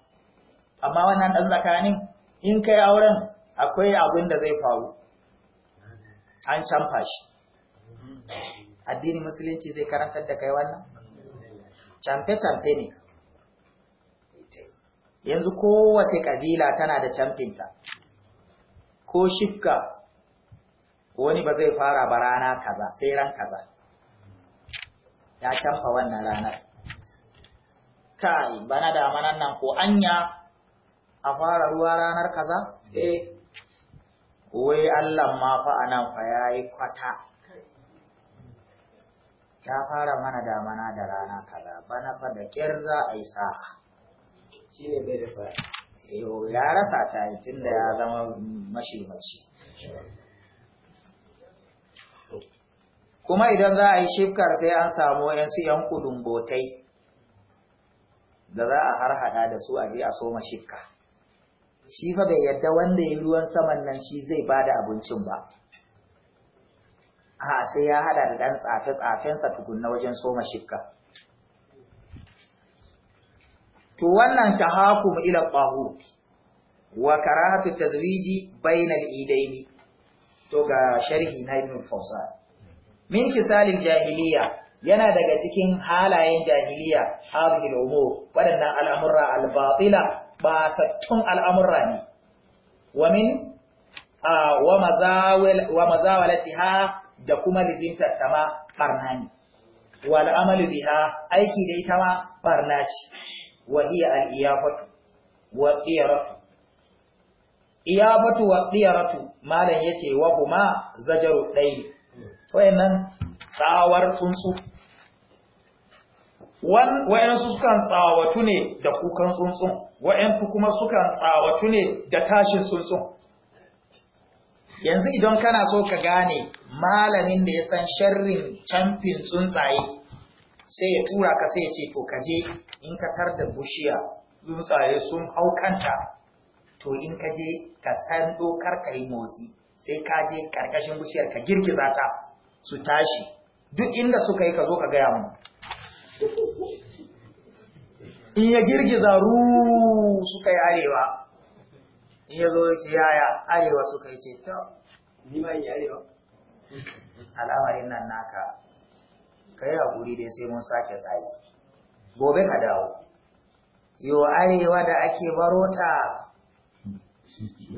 amma wannan ɗan tsakanin in ka yi auren akwai abin da zai faru an canfa shi addini musulunci zai karantar da kai wannan camfe-camfe ne yanzu kowace kabila tana da camfinta ko shifka wani ba zai fara ba rana kaza sai ran kaza ya camfa wannan ranar kai bana da amanan nan ko anya a fara ruwa ranar kaza eh wai Allah ma fa anan fa yayi kwata ta fara mana damana da rana kaza bana fa da kyar za a yi sa'a shi ne bai da sa'a ya rasa ta yi tun da ya zama mace. kuma idan za a yi shifkar sai an samu yansu yan botai, da za a har harhaɗa da su a je a soma shifka shi fa bai yadda wanda ya ruwan saman nan shi zai bada abincin ba a sai ya hada da ɗan tsafe-tsafensa tukunna wajen soma shikka to wannan mu ila qahut wa karatu tazwiji bayna al-idaini to ga sharhi na ibn fawzan min kisalil jahiliya yana daga cikin halayen jahiliya hadhihi al waɗannan wadannan al'amurra al-batila ba tattun al'amurra ne wa min wa mazawil wa da kuma lizintar ta ma barna ne wal amalu biha aiki da ita ma barna ce wa hiya al iyafatu wa qiyaratu Iyafatu wa qiyaratu malan yace wa kuma zajaru dai wayannan tsawar tsuntsu su sukan tsawatu ne da kukan tsuntsun wa’yan kuma sukan tsawatu ne da tashin tsuntsun yanzu idan kana so ka gane malamin da ya san sharrin camfin tsuntsaye sai ya tura ka sai ya ce to kaje in ka tar da bushiya tsuntsaye sun haukanta to in ka ka san dokar ka yi motsi sai ka je karkashin bushiyar ka girgiza ta su tashi duk inda suka yi ka zo ka gaya mu in ya girgiza ruu suka yi arewa in ya zo ya ce yaya arewa suka yi ce ta ni yi arewa al'amarin nan naka ka yi haƙuri dai sai mun sake tsari gobe ka dawo yo arewa da ake baro ta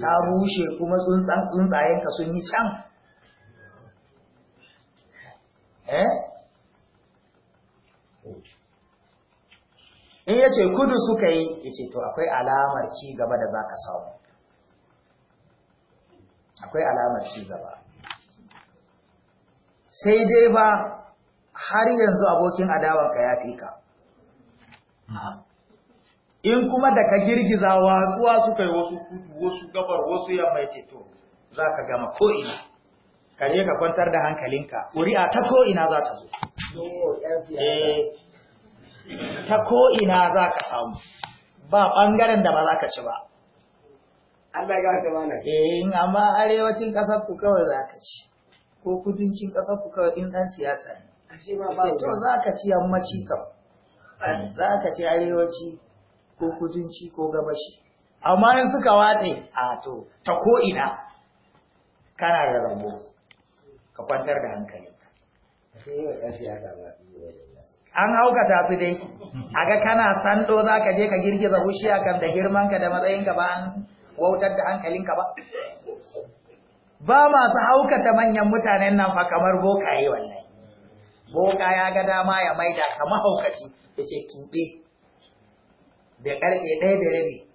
ta rushe kuma tsuntsayenka sun yi can eh in ya ce kudu suka yi yace to akwai alamar ci gaba da za ka samu akwai alamar ci gaba sai dai ba har yanzu abokin adawanka ya fi ka in kuma da ka girgiza watsuwa suka yi wasu kudu wasu gabar wasu yamma ceto za ka gama ko'ina ka je ka kwantar da hankalinka ƙuri'a ta ko'ina za ka zo eh, ta ko'ina za ka samu ba ɓangaren da ba za ka ci ba Allah ya gata mana. Eh, amma arewacin ƙasar ku kawai za ka ci, ko kudancin ƙasar ku kawai in ɗan siyasa ne. Ashe ma ba To za ka ci yammaci kam, za ka ci arewaci ko kudanci ko gabashi. Amma in suka watse, a to, ta ko'ina kana da rabo, ka kwantar da hankali. An haukata su dai, a ga kana sando za ka je ka girgiza hushiya kan da ka da matsayinka ba an wautar da hankalinka ba ba masu haukata manyan mutanen nan fa kamar bokaye wallahi boka ya ga dama ya maida ka mahaukaci ya ce tuɓe da karfe ɗaya da rabi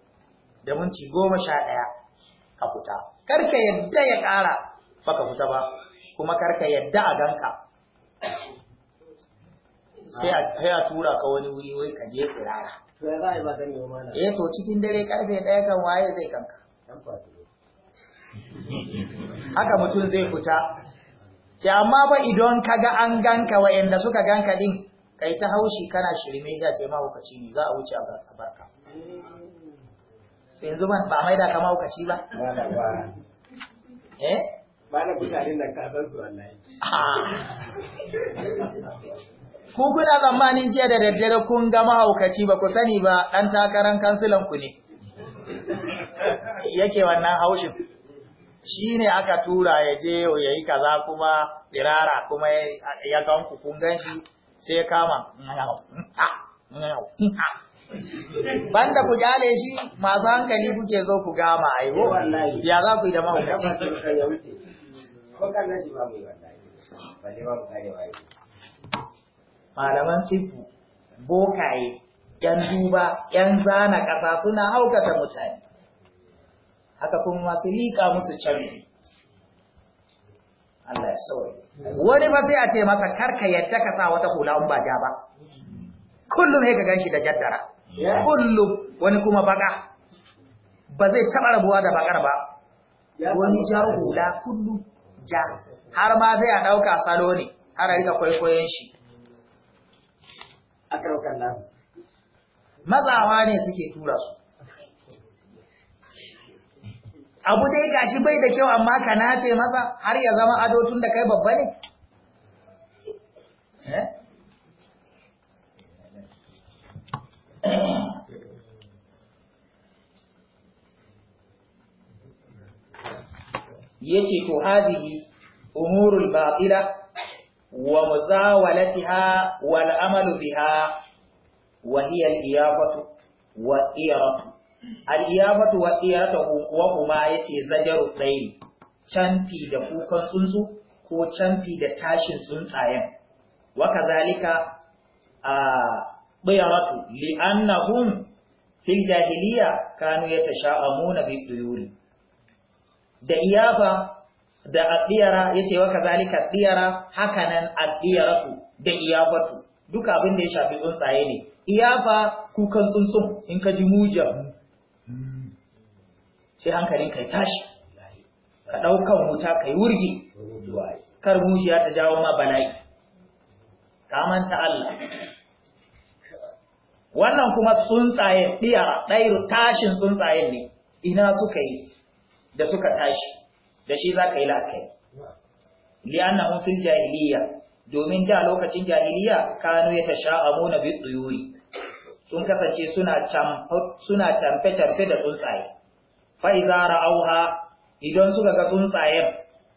da minti goma sha ɗaya ka fita karka yadda ya ƙara ba ka fita ba kuma karka yadda a ganka sai a tura ka wani wuri wai ka je tsirara To Eh to cikin dare karfe ɗaya kan waye zai kanka. Haka mutum zai fita. Ce amma ba idan ka ga an ganka yadda suka ganka din kai ta haushi kana shirme ya ce mahaukaci ne za a wuce a barka. Yanzu ba mai da ka mahaukaci ba? Eh? Ba na kusa da ka san su wallahi. Ah. ku kuna tsammanin jiya da daddare kun ga mahaukaci ba ku sani ba ɗan takarar kansilan ku ne yake wannan haushin shi ne aka tura ya je ya yi kaza kuma tsirara kuma ya ganku kun gan shi sai kama banda ku jale shi masu hankali kuke zo ku gama aiwo ya za ku yi da mahaukaci malaman sifu, bokaye yan duba yan zana ƙasa suna haukata mutane haka kuma masu liƙa musu canfi Allah ya wani ba sai a ce masa karka yadda ka sa wata hula in ba ja ba kullum sai ka ganshi da jaddara kullum wani kuma baka ba zai taɓa rabuwa da bakar ba wani jar hula kullum ja har ma sai a ɗauka salo ne har a rika kwaikwayon shi Mazawa ne suke tura su abu dai gashi bai da kyau amma ka nace masa har ya zama ado tun da kai babba ne eh? yace to hadihi umurul ba'ila wa muzawalatiha wal amalu biha wa hiya al iyafatu wa iyaratu al iyafatu wa iyaratu wa kuma yace zajaru dai canfi da kukan tsuntsu ko canfi da tashin tsuntsayen wa kazalika a bayaratu li'annahum fil jahiliya kanu yatasha'amuna bi tuyuri da iyafa da addiyara yace wa kazalika addiyara hakanan addiyaratu da iyafatu duka abin da ya shafi tsuntsaye ne iyafa kukan tsuntsun in ka ji muja sai hankalin kai tashi ka daukan wuta kai wurgi kar mujiya ta jawo ma bala'i ka manta Allah wannan kuma tsuntsaye ɗiya ɗairu tashin tsuntsayen ne ina suka yi da suka tashi da shi za ka yi la'akari li'annahum fil jahiliya domin da lokacin jahiliya kanu ya na bi tsuyuri sun kasance suna suna camfe camfe da tsuntsaye fa auha ra'auha idan suka ga tsuntsayen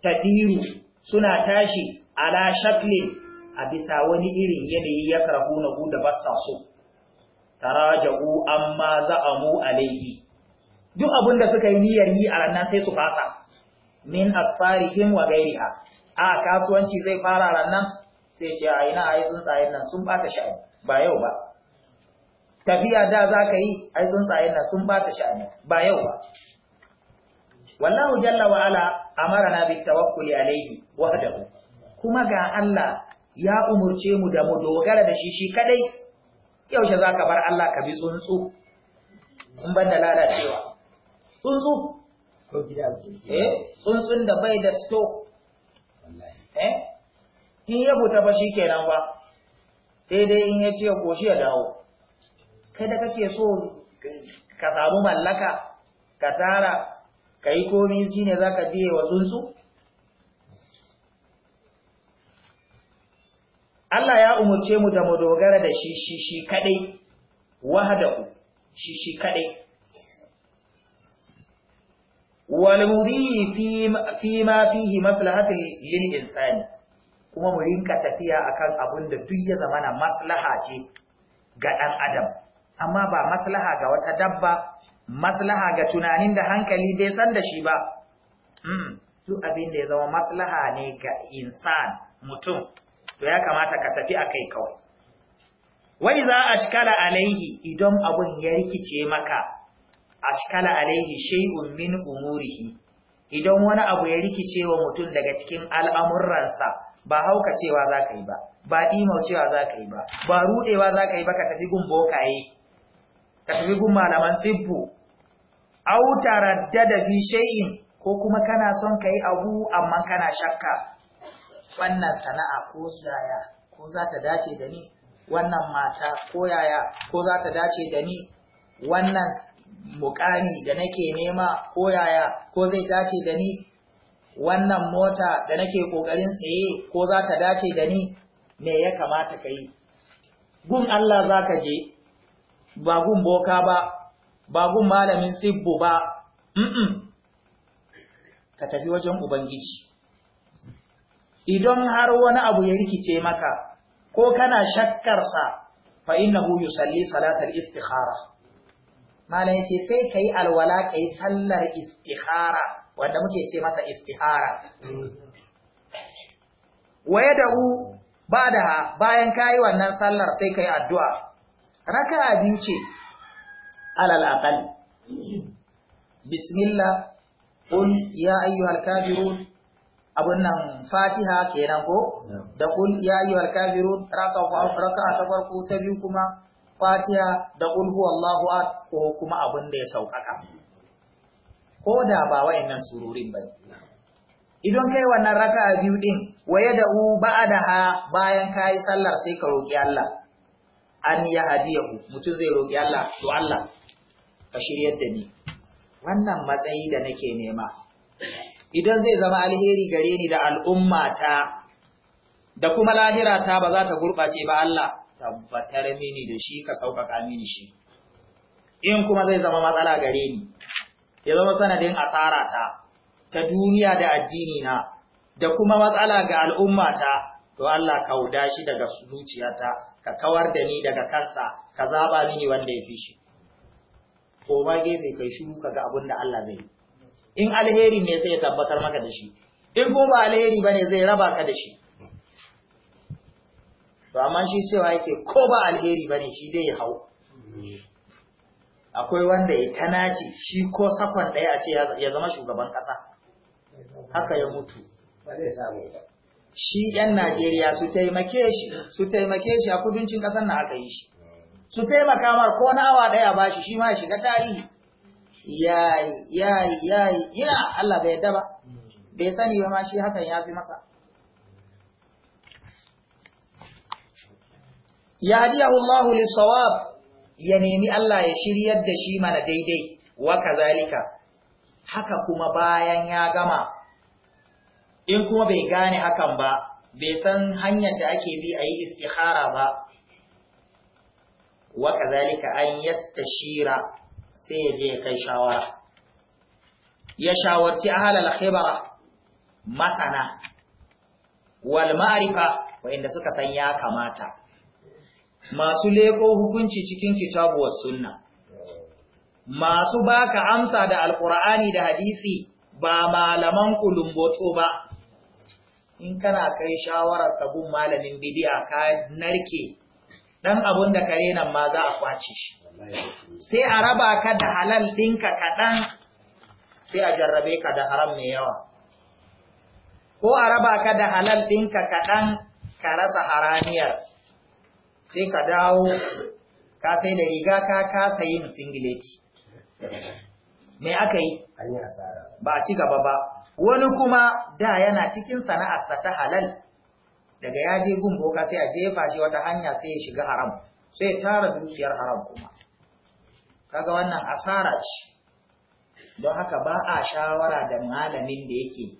tadiru suna tashi ala shaklin a bisa wani irin yanayi ya karhu na hu da basa so taraja'u amma za'amu alaihi duk abin da suka yi niyyar yi a ranar sai su fasa min asfarihim wa gairiha a kasuwanci zai fara rannan sai ce a ina ai tsuntsayen nan sun bata sha'ani ba yau ba tafiya da za ka yi ai tsuntsayen nan sun bata sha'ani ba yau ba wallahu jalla wa ala na bit tawakkuli alayhi wahdahu kuma ga Allah ya umurce mu da mu dogara da shi shi kadai yaushe zaka bar Allah ka bi tsuntsu in banda lalacewa tsuntsu Eh, tsuntsun da bai da sto. Eh, in ya buta ba kenan ba, sai dai in ya ce ya koshi ya dawo. Kai da kake so ka samu mallaka, ka tara, ka yi komi shi za ka biye wa tsuntsu? Allah ya umarce mu da mu dogara da shi shi shi wahadahu shi shi kaɗai. walmudi fi ma fihi maslahatin lil insani kuma mu rinka tafiya akan abun da duk ya zamana maslaha ce ga dan adam amma ba maslaha ga wata dabba maslaha ga tunanin da hankali bai san da shi ba mm, duk abin da ya zama maslaha ne ga insan mutum to ya kamata ka tafi akai kawai wai za a shikala alaihi idan abun ya rikice maka ashkala alaihi shay'un min umurihi idan wani abu ya rikice wa mutum daga cikin al'amuransa ba hauka cewa za ka yi ba ba cewa za ka yi ba ba ruɗewa za ka yi ba ka tafi gun bokaye ka tafi gun malaman tsibbu au taraddada fi shay'in ko kuma kana son ka yi abu amma kana shakka wannan sana'a ko yaya ko za ta dace da ni wannan mata ko yaya ko za ta dace da ni wannan mukami da nake nema ko yaya ko zai dace da ni wannan mota da nake kokarin tsaye ko za ta dace da ni me ya kamata ka yi gun Allah za ka je ba gun boka ba ba gun malamin sibbu ba ka tafi wajen ubangiji idan har wani abu ya rikice maka ko kana shakkarsa fa innahu yusalli salatal istikhara malam yace sai kai alwala kai sallar istihara wanda muke ce masa istihara waya dahu bada bayan kai wannan sallar sai kai addu'a raka'a biyu ce alal aqal bismillah qul ya ayyuhal kafirun abun nan fatiha kenan ko da qul ya ayyuhal kafirun raka'a ta farko ta biyu kuma Fatiya da ulhu Allahu ko kuma abin da ya sauƙaƙa ko da ba wayannan sururin ba idan kai wannan raka'a biyu din waye da u ba'daha bayan kai sallar sai ka roki Allah an ya hadiyahu mutum zai roki Allah to Allah ka shiryar da ni wannan matsayi da nake nema idan zai zama alheri gare ni da al'umma ta da kuma lahirata ba za ta gurbace ba Allah tabbatar mini da shi ka sauƙaƙa mini shi in kuma zai zama matsala gare ni ya zama sanadin asara ta ta duniya da addini na da kuma matsala ga al'umma ta to Allah ka huda shi daga zuciyarta, ka kawar da ni daga kansa ka zaɓa mini wanda ya fi shi ko ma gefe kai shiru ka abin da Allah zai in alheri ne sai ya tabbatar maka da shi in kuma ba alheri bane zai raba ka da shi to amma shi cewa yake ko ba alheri ba ne shi dai ya hau akwai wanda ya tanaci shi ko sakon ɗaya a ce ya zama shugaban kasa haka ya mutu shi ‘yan Najeriya su taimake shi su taimake shi a kuduncin ƙasar na aka yi shi su taimaka mar ko na awa ɗaya ba shi shi ma ya shiga tarihi yayi yayi yayi ina Allah bai yadda ba bai sani ba ma shi hakan ya fi masa yahdiyahu Allahu lis ya nemi Allah ya shiryar da shi mana daidai wa kazalika haka kuma bayan ya gama in kuma bai gane hakan ba bai san hanyar da ake bi a yi istikhara ba wa kazalika an yastashira sai ya je ya kai shawara ya shawarci ahalal khibara masana wal ma'rifa inda suka san ya kamata masu leko hukunci cikin kitabu wa sunna masu baka amsa da alqur'ani da hadisi ba malaman kulumboto ba in kana kai shawarar ka gun malamin bid'a ka narke dan abun da kare nan ma za a kwace shi sai a raba ka da halal dinka kadan sai a jarrabe ka da haram mai yawa ko a raba ka da halal dinka kadan ka rasa haramiyar sai ka dawo ka sai da riga ka kasa yin singileti mai aka yi ba a ci gaba ba wani kuma da yana cikin sana'arsa ta halal daga ya je gun ka sai a jefa shi wata hanya sai ya shiga haram sai tara dukiyar haram kuma kaga wannan asara ce don haka ba a shawara da malamin da yake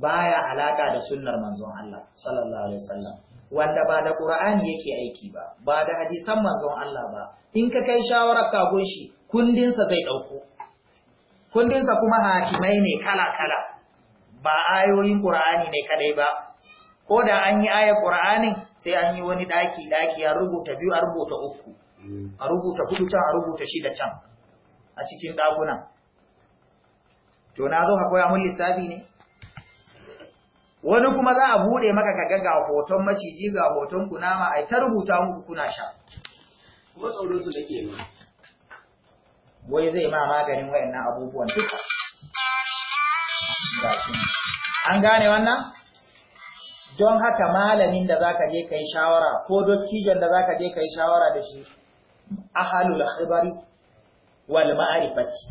baya alaka da sunnar manzon Allah sallallahu alaihi wasallam wanda ba da Qur'ani yake aiki ba ba da hadisan manzon Allah ba in ka kai shawarar kagun shi kundinsa zai ɗauko. kundinsa kuma hakimai ne kala kala ba ayoyin Qur'ani ne kadai ba ko da an yi ayar Qur'anin sai an yi wani ɗaki daki a rubuta biyu a rubuta uku a rubuta hudu can a rubuta shida can a cikin dakunan to na zo ka koya mun lissafi ne wani kuma za a bude maka ka ga hoton maciji ga hoton kunama ai ta rubuta muku kuna sha kuma tsaurin su nake ma wai zai ma maganin wayannan abubuwan duka an gane wannan don haka malamin da zaka je kai shawara ko dokijan da zaka je kai shawara da shi ahalul khibari wal ma'rifati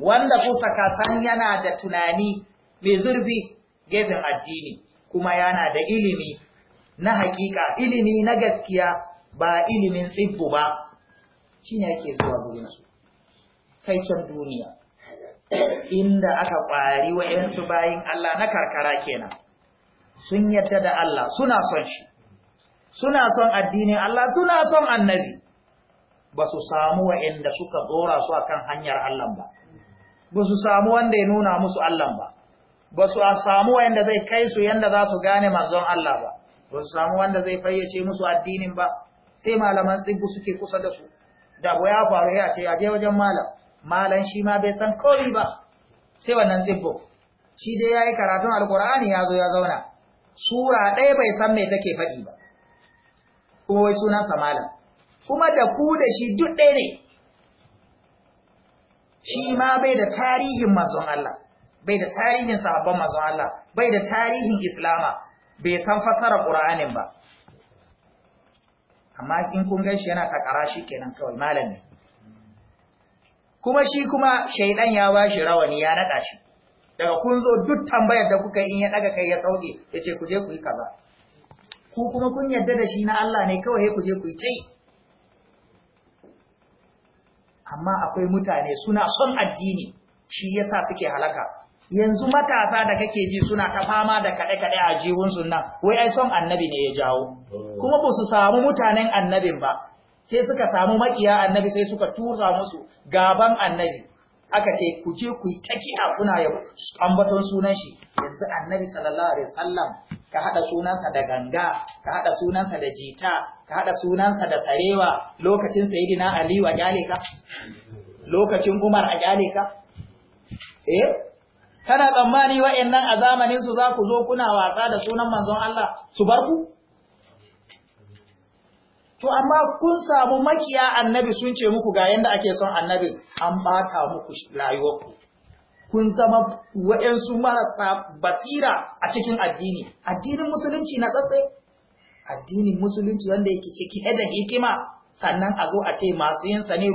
wanda kusa ka san yana da tunani mai zurfi gefen addini kuma yana da ilimi na hakika ilimi na gaskiya ba ilimin tsibbu ba ne ake zuwa gurin su kai can duniya inda aka kwari wa'yansu bayin Allah na karkara kenan sun yadda da Allah suna son shi suna son addinin Allah suna son annabi ba su samu wa'yanda suka dora su akan hanyar Allah ba ba su samu wanda ya nuna musu Allah ba ba su samu wanda zai kai su yanda za su gane manzon Allah ba ba su samu wanda zai fayyace musu addinin ba sai malaman tsibbu suke kusa da su da abu ya faru ya ce aje wajen malam malam shi ma bai san kori ba sai wannan tsibbo shi dai ya yi karatun alkur'ani ya zo ya zauna sura ɗaya bai san mai take faɗi ba kuma wai sunansa malam kuma da ku da shi duk ɗaya ne shi ma bai da tarihin manzon Allah bai da tarihin sahabban manzon Allah bai da tarihin islama bai san fasara qur'anin ba amma in kun ganshi yana takara shi kenan kawai malami kuma shi kuma shaidan ya ba shi rawani ya naɗa shi daga kun zo duk tambayar da kuka in ya daga kai ya sauke yace ku je ku yi kaza ku kuma kun yarda da shi na Allah ne kawai ku je ku yi tai amma akwai mutane suna son addini shi yasa suke halaka yanzu matasa da kake ji suna ta fama da kaɗe-kaɗe a jiwunsu nan wai ai son annabi ne ya jawo kuma ba su samu mutanen annabin ba sai suka samu makiya annabi sai suka tura musu gaban annabi aka ce ku je ku ta kiɗa kuna ambaton sunan shi yanzu annabi sallallahu alaihi wasallam ka hada sunansa da ganga ka hada sunansa da jita ka hada sunansa da sarewa lokacin sayyidina ali wa gyale ka lokacin umar a gyale ka eh kana tsammani wa'annan a zamanin su zaku zo kuna wasa da sunan manzon Allah su bar ku to amma kun samu makiya annabi sun ce muku ga yanda ake son annabi an bata muku rayuwarku kun zama wa'ansu marasa basira a cikin addini addinin musulunci na tsatsai addinin musulunci wanda yake ciki da hikima sannan a zo a ce masu yin sa ne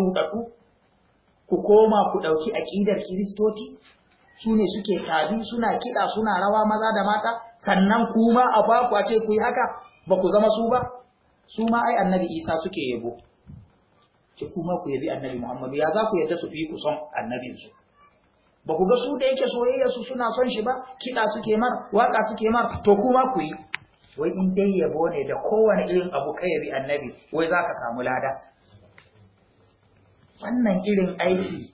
ku koma ku dauki aqidar kiristoti su ne suke tabi suna kiɗa suna rawa maza da mata sannan kuma a baku a ku yi haka ba ku zama su ba su ma ai annabi isa suke yabo ki kuma ku yabi annabi muhammadu ya za ku yadda su fi ku son annabinsu ba ku ga su da yake soyayya su suna son shi ba kiɗa suke mar waƙa suke mar to kuma ku yi wai in dai yabo ne da kowane irin abu ka yabi annabi wai za ka samu lada wannan irin aiki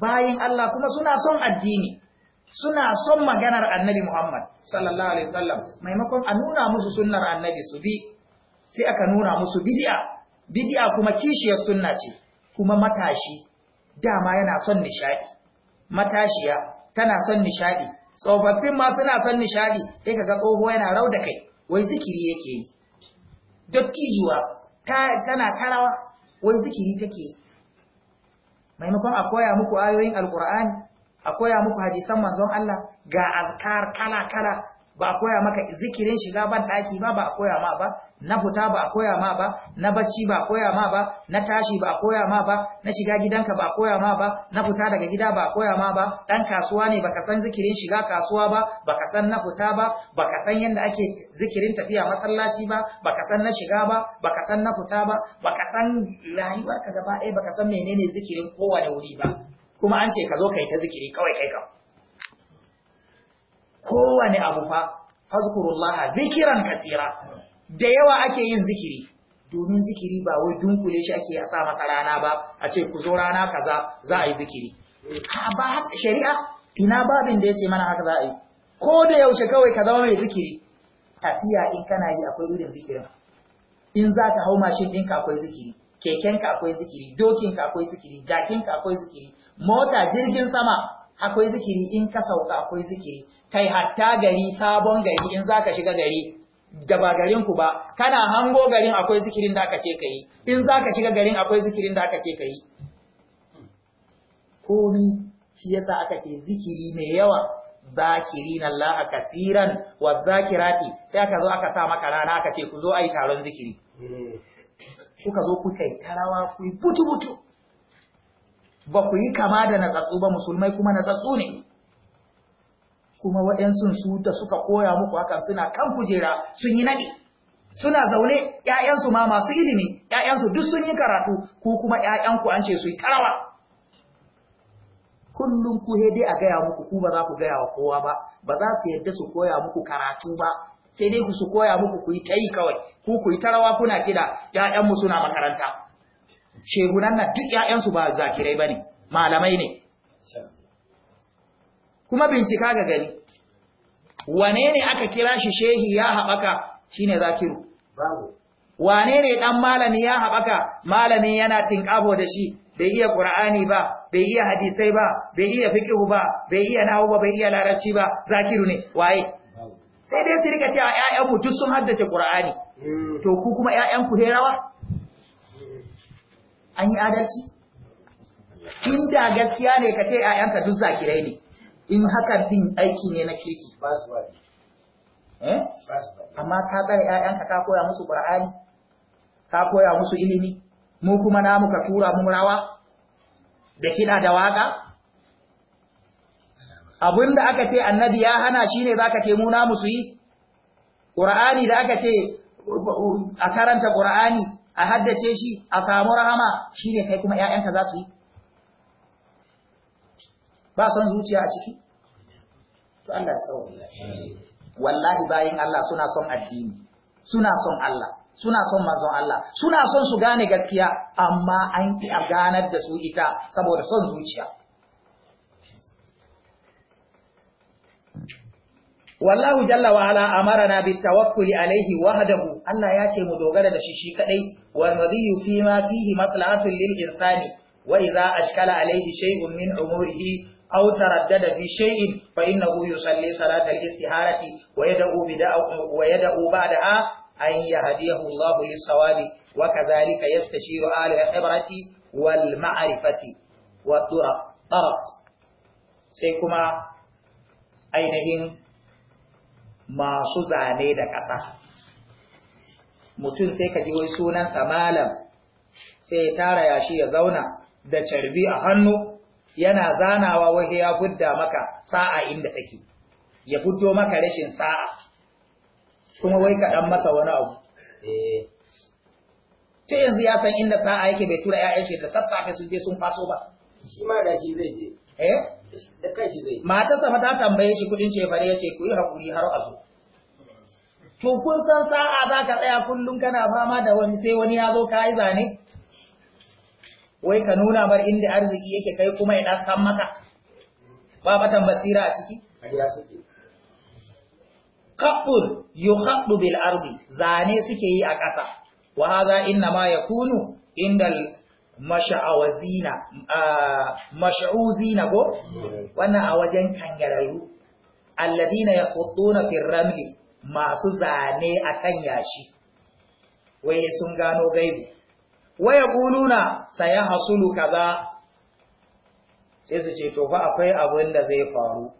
bayin Allah kuma suna son addini suna son maganar annabi Muhammad sallallahu alaihi wasallam maimakon a nuna musu sunnar annabi su bi sai aka nuna musu bid'a bid'a kuma kishiyar sunna ce kuma matashi dama yana son nishadi matashiya tana son nishadi tsofaffin ma suna son nishadi sai kaga tsoho yana rauda kai wai zikiri yake yi juwa tana tarawa wai zikiri take yi maimakon a koya muku ayoyin alkur'ani a koya muku hadisan manzon Allah ga azkar kala kala ba a koya maka zikirin shiga ban daki ba ba a koya ma ba na fita ba a koya ma ba na bacci ba a koya ma ba na tashi ba a koya ma ba na shiga gidanka ba a koya ma ba na fita daga gida ba a koya ma ba dan kasuwa ne baka san zikirin shiga kasuwa ba baka san na fita ba baka san yanda ake zikirin tafiya masallaci ba baka san na shiga ba baka san na fita ba baka san rayuwarka gaba ɗaya baka san menene zikirin kowane wuri ba kuma an ce ka zo kai ta zikiri kawai kai kawai kowane abu fa fazkurullaha zikiran kasira da yawa ake yin zikiri domin zikiri ba wai dunkule shi ake sa masa rana ba a ce ku zo rana kaza za a yi zikiri ba shari'a ina babin da yace mana haka za a yi ko da yaushe kawai ka zama mai zikiri tafiya in kana yi akwai irin zikirin in za ka hau mashin ɗinka akwai zikiri kekenka akwai zikiri dokinka akwai zikiri jakinka akwai zikiri mota jirgin sama akwai zikiri in ka sauka akwai zikiri kai hatta gari sabon gari in zaka shiga gari da ba garin ku ba kana hango garin akwai zikirin da aka ce kai in zaka shiga garin akwai zikirin da aka ce kai komi shi yasa aka ce zikiri mai yawa zakirin Allah kasiran wa zakirati sai aka zo aka sa maka rana aka ce ku zo ayi taron zikiri eh. kuka zo kuka yi tarawa ku yi butu-butu ba ku yi kama da natsatsu ba musulmai kuma natsatsu ne kuma waɗansu su da suka koya muku haka suna kan kujera sun yi naɗi suna zaune ‘ya'yansu ma masu ilimi ‘ya'yansu duk sun yi karatu ku kuma ‘ya'yanku an ce su yi tarawa kullum ku dai a gaya muku ku ba za ku gaya wa kowa ba ba za su yadda su koya muku karatu ba sai dai ku su koya muku ku yi ta yi kawai ku ku yi tarawa kuna kiɗa ‘ya'yanmu suna makaranta shehunan na duk ‘ya'yansu ba zakirai ba ne malamai ne kuma bincika ga gani wane ne aka kira shi shehi ya haɓaka shi ne zakiru wane ne ɗan malami ya haɓaka malami yana tinƙabo da shi bai iya ƙura'ani ba bai iya hadisai ba bai iya fiƙihu ba bai iya nahu ba bai iya larabci ba zakiru ne waye sai dai su rika cewa ‘ya'yanku duk sun haddace ƙura'ani hmm. to ku kuma ‘ya'yanku herawa an yi adalci Hinda gaskiya ne ka ce ‘ya'yanka duk zakirai ne in haka din aiki ne na ba su eh? ba. amma ka tsare ‘ya'yanka ka koya musu ƙur'ani ka koya musu ilimi mu kuma namu ka tura mu rawa da kiɗa da waƙa abin da aka ce annabi ya hana shi ne za ka ce muna musu yi ƙura'ani da aka ce a karanta ƙura'ani a haddace shi a samu rahama shi ne kai kuma ‘ya'yanka za su yi ba son zuciya a ciki to Allah sau wallahi bayin Allah suna son addini suna son Allah suna son manzon Allah suna son su gane gaskiya amma an a ganar da su ita saboda son zuciya wallahu jalla wa ala na bit tawakkuli alaihi wahdahu Allah ya ce mu dogara da shi shi kadai wal radiyu fi ma fihi maslahatun lil insani wa idza ashkala alaihi shay'un min umurihi aw taraddada fi shay'in fa innahu yusalli salata istiharati wa yad'u da wa yad'u ba'daha an yahdiyahu Allah lis sawabi wa kadhalika yastashiru ahli al khibrati wal ma'rifati wa turab sai kuma ainihin masu zane da ƙasa mutum sai ka ji wai sunansa malam sai ya tara yashi ya zauna da carbi a hannu yana zanawa wahi ya fudda maka sa'a inda take ya fuddo maka rashin sa'a kuma wai kaɗan masa wani abu eh. ta yanzu ya san inda sa'a yake bai tura ya'yan shi da sassafe sun je sun faso ba shi ma da shi zai je eh matarsa fa ta tambaye shi kudin cefare ya ce ku yi haƙuri har a zo to kun san sa'a za ka tsaya kullum kana fama da wani sai wani ya zo ka yi zane wai ka nuna bar inda arziki yake kai kuma ya ɗan san maka ba batan basira a ciki kaɓur yi haɗu bil arzi zane suke yi a ƙasa wa haza inna ma ya kunu inda mashawazina mash'uzina go wannan a wajen kangararru alladina ya fil ramli masu zane akan yashi waye sun gano gaibu waya quluna sayahsulu kaza sai su ce to fa akwai abin da zai faru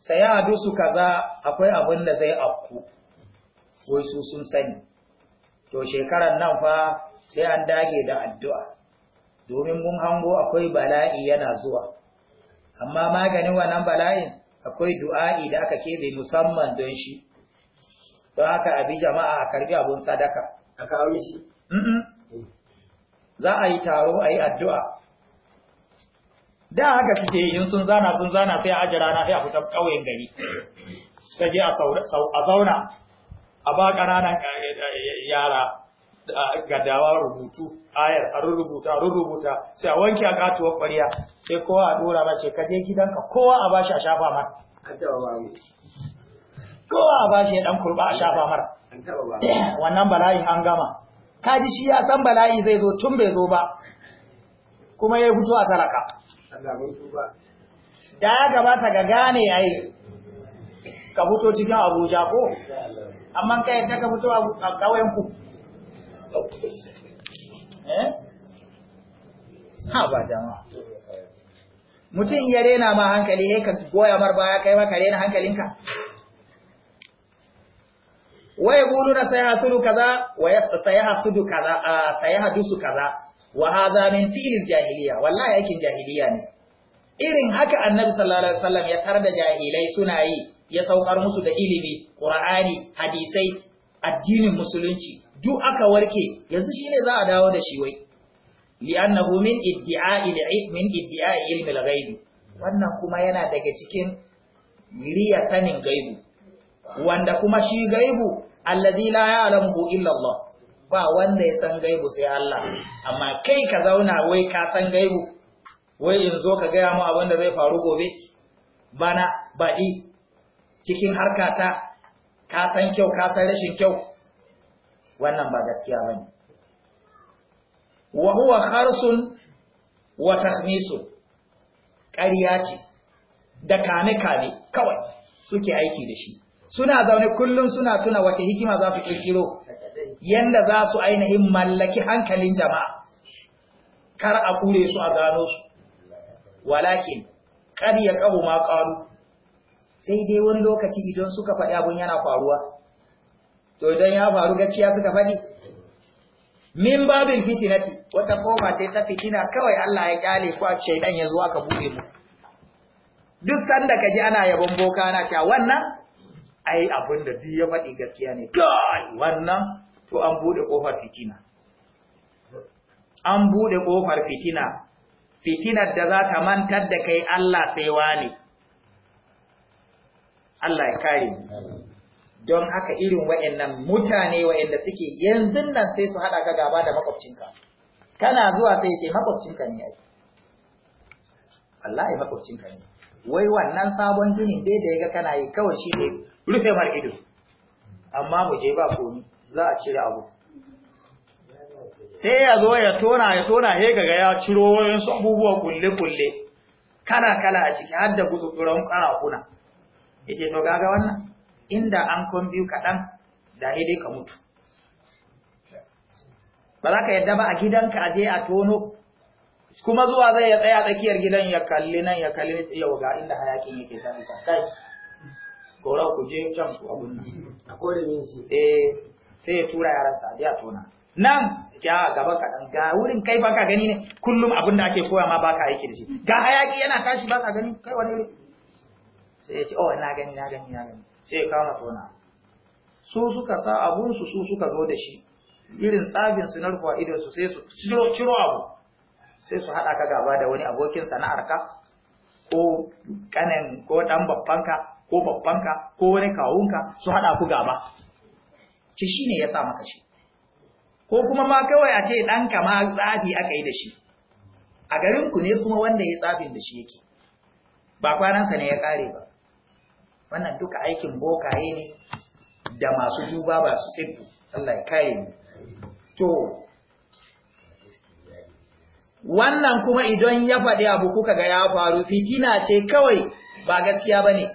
sayahdusu kaza akwai abin da zai afku wai su sun sani to shekarar nan fa sai an dage da addu'a domin mun hango akwai bala'i yana zuwa amma maganin wannan bala'in akwai du'a'i da aka keɓe musamman don shi don haka abi jama'a a karbi abun sadaka a kawo shi za a yi taro a yi addu'a da haka suke yi sun zana sun zana sai a ajira na sai a fitar ƙauyen gari ta je a zauna a ba ƙananan eh, eh, eh, yara ga dawa rubutu ayar a rubuta rubuta sai a wanke a katuwar kwariya sai kowa a dora ba ce ka je gidanka kowa a bashi a shafa mar kowa a bashi ya dan kurba a shafa mar wannan bala'in an gama kaji shi ya san bala'i zai zo tun bai zo ba kuma ya fito a talaka da ya gabata ga gane yi ka fito cikin abuja ko amma ka yadda ka fito a ƙauyenku Eh? ha ba mutum iya rena ma hankali ya ka goya mar baya kai maka rena hankalinka Wai gudu na sai hasudu kaza waya sai hasudu kaza sai kaza wa hadha min fi'l jahiliya wallahi aikin jahiliya ne irin haka annabi sallallahu alaihi wasallam ya tar da jahilai suna yi ya saukar musu da ilimi qur'ani hadisai addinin musulunci duk aka warke yanzu shine za a dawo da shi wai li'annahu min iddi'a'i min iddi'a'i ilmi al-ghaib wannan kuma yana daga cikin riya sanin gaibu wanda kuma shi gaibu allazi la ya'lamu illa Allah ba wanda ya san gaibu sai Allah amma kai ka zauna wai ka san gaibu wai in zo ka gaya mu abin da zai faru gobe bana baɗi cikin harkata ka san kyau ka san rashin kyau wannan ba gaskiya ba ne wa harsun wa tahmisun ƙarya ce da kame-kame kawai suke aiki da shi suna zaune kullum suna tuna wata hikima za su ƙirƙiro yanda za su ainihin mallaki hankalin jama'a kar a kure su a gano su walakin ƙarya ƙahu ma ƙaru sai dai wani lokaci idan suka faɗi abin yana faruwa to idan ya faru gaskiya suka faɗi min babin fitinati wata koma ce ta fitina kawai Allah ya kyale ko shaidan ya zo aka bude mu duk sanda ka ji ana yabon boka ana cewa wannan ai abin da duk ya faɗi gaskiya ne kai wannan to an bude kofar fitina an bude kofar fitina fitinar da za ta mantar da kai Allah sai wani Allah ya kare mu don haka irin wa'annan mutane wa'anda suke yanzu nan sai su haɗa ka gaba da makwabcinka kana zuwa sai ce makwabcinka ne ai wallahi makwabcinka ne wai wannan sabon ginin dai da ya ga kana yi kawai shi ne rufe mar ido amma mu je ba komi za a cire abu sai ya zo ya tona ya tona he gaga ya ciro wayansu abubuwa kulle-kulle kana kala a ciki har da gudurun ƙara kuna ya ce to gaga wannan inda an kon biyu kaɗan da dai ka mutu ba za ka yadda ba a gidanka a je a tono kuma zuwa zai ya tsaya tsakiyar gidan ya kalli nan ya kalli ya ga inda hayakin yake tafi kai Kora ku je can su abun nan a kore min shi eh sai ya tura yaran sa ya tona nan ja gaba kaɗan ga wurin kai baka gani ne kullum abin da ake koya ma baka aiki da shi ga hayaki yana tashi ka gani kai wani sai ya ce oh na gani na gani na gani sai kama tona su suka sa abunsu su suka zo da shi irin tsabin su narkuwa su sai su ciro abu sai su haɗa ka gaba da wani abokin sana'arka ko kanin ko ɗan babbanka ko babbanka ko wani kawunka su haɗa ku gaba ce shi ne ya sa maka shi ko kuma ma kawai a ce ɗanka ma tsafi aka yi da shi a garinku ne kuma wanda ya tsafin da shi yake ba kwanansa ne ya ƙare ba wannan duka aikin bokaye ne da masu juba ba su sirdu Allah ya kare mu to wannan kuma idan ya faɗi abu kuka ga ya faru fitina ce kawai ba gaskiya ba ne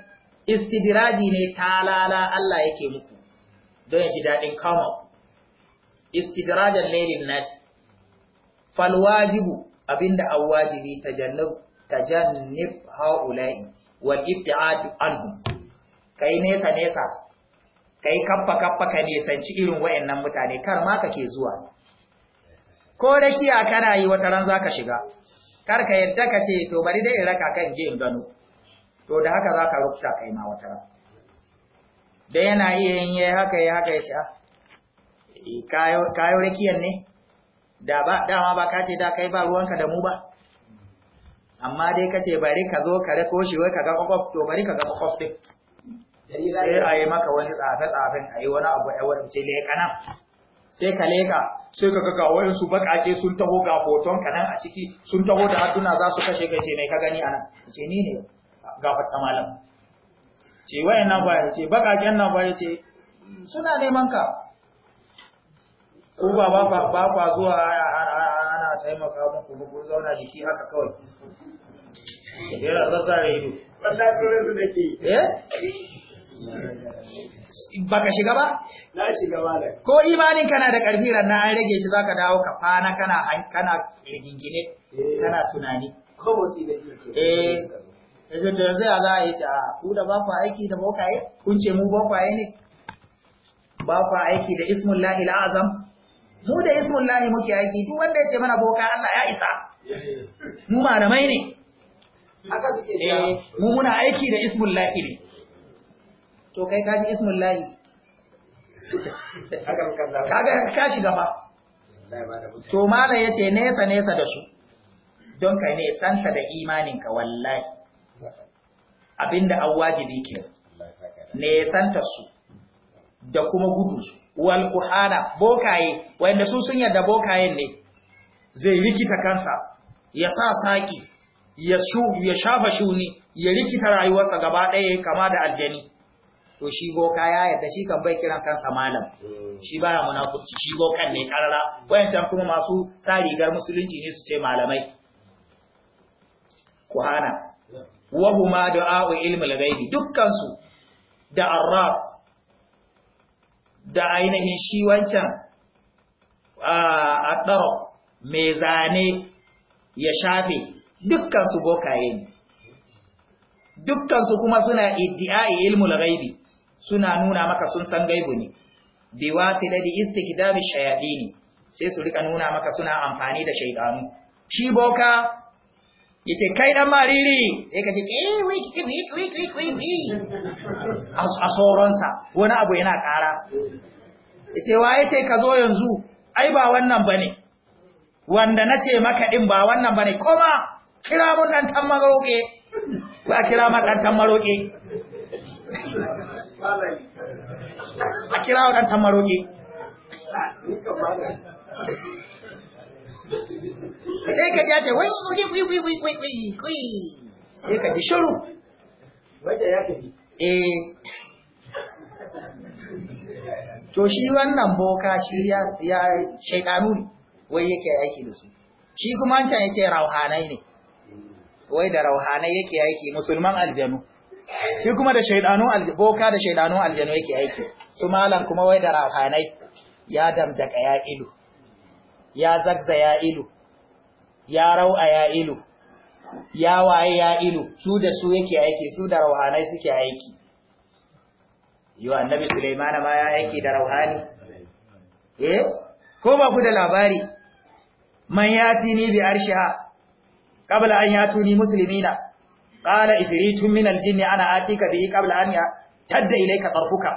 ne talala Allah yake muku don ya ji daɗin kama istidirajan lelin Fal falwajibu abinda awwajibi tajannab tajannib haula'i wal ibti'ad anhum Kai nesa nesa ka yi kappa kappa ka nesanci irin wayannan mutane kar ma kake zuwa ko da kana yi wata ran zaka shiga kar ka yadda ka ce to bari dai in raka kan je in gano to da haka zaka rubuta kai ma wata ran da yana iya yin yayi haka yayi haka ya ce ah, eh, kayo kayo rakiyan ne da ba dama ba ce da kai ba ruwanka da mu ba amma dai kace bari ka zo ka rako shi wai ka ga kokof to bari ka ga kokof din sai a yi maka wani tsafe-tsafen a yi wani abu yawon ce leka nan sai ka leka sai ka wani su bakake sun taho ga hoton ka nan a ciki sun taho da hatuna za su kashe ka ce mai ka gani a nan ce ni ne gafar ta malam ce wayan nan baya ce bakaken nan baya ce suna neman ka ko ba ba ba zuwa ana taimaka muku ku zauna jiki haka kawai yana zazzare ido wallahi sunan su ke? eh baka shiga ba na shiga ba ko imanin kana da karfi ranar an rage shi zaka dawo ka fana kana kana rigingine eh. kana tunani ko wasu eh. da shi eh yanzu da yanzu za a yi ta ku da ba ku aiki da bokaye kun ce mu bokaye ne ba ku aiki da ismun lahi la'azam? mu da ismun lahi muke aiki duk wanda ya ce mana boka Allah ya isa eh. mu malamai ne haka suke mu muna aiki da ismun lahi ne to kai ka ji ismin layi ka shiga ba to mala ya ce nesa nesa da su don ka ne santa da imaninka wallahi abinda an wajibi ke ne santa su da kuma gudu su wal bokaye wanda su sun yarda bokayen ne zai rikita kansa ya sa saki ya shafa shuni ya rikita rayuwarsa gaba ɗaya kama da aljani to shi boka ya yadda shi kan bai kiran kansa malam hmm. shi baya munafurci shi bokan ne karara wayancan kuma masu sa rigar musulunci ne su ce malamai kuhana wa huma du'a'u ilmul ghaibi dukkan su da arraf da ainihin shi wancan a daro mai zane ya shafe dukkan su bokaye ne dukkan su kuma suna iddi'ai ilmul ghaibi suna nuna maka sun san gaibu ne bi da istikdabi shayadini sai su rika nuna maka suna amfani da shaydanu shi boka yace kai dan mariri sai ka ji eh wiki wiki wiki wiki a sauransa wani abu yana kara yace wa yace ka zo yanzu ai ba wannan bane wanda nace maka din ba wannan bane koma kira mun dan tan maroke ba kira ma dan tan maroke a kira waɗanta maroƙi. sai ka jace wai wai wai wai wai wai wai wai sai ka ji shuru wajen ya tafi eh to shi wannan boka shi ya ya shaydanu wai yake aiki da su shi kuma an can yake rauhanai ne wai da rauhanai yake aiki musulman aljanu shi kuma da shaidanun alboka da shaidanun aljanu yake aiki su malam kuma wai da rafanai ya damdaka ya ilu ya zagza ya ilu ya rau'a ya ilu ya waye ya ilu su da su yake aiki su da rauhanai suke aiki yi wa annabi Suleimana ma ya aiki da rauhani eh ko ba ku da labari man yati ni bi arshiha qabla an tuni muslimina Qaala ifritun minal aljinni ana atika bihi qabla an tadda ilayka tarfuka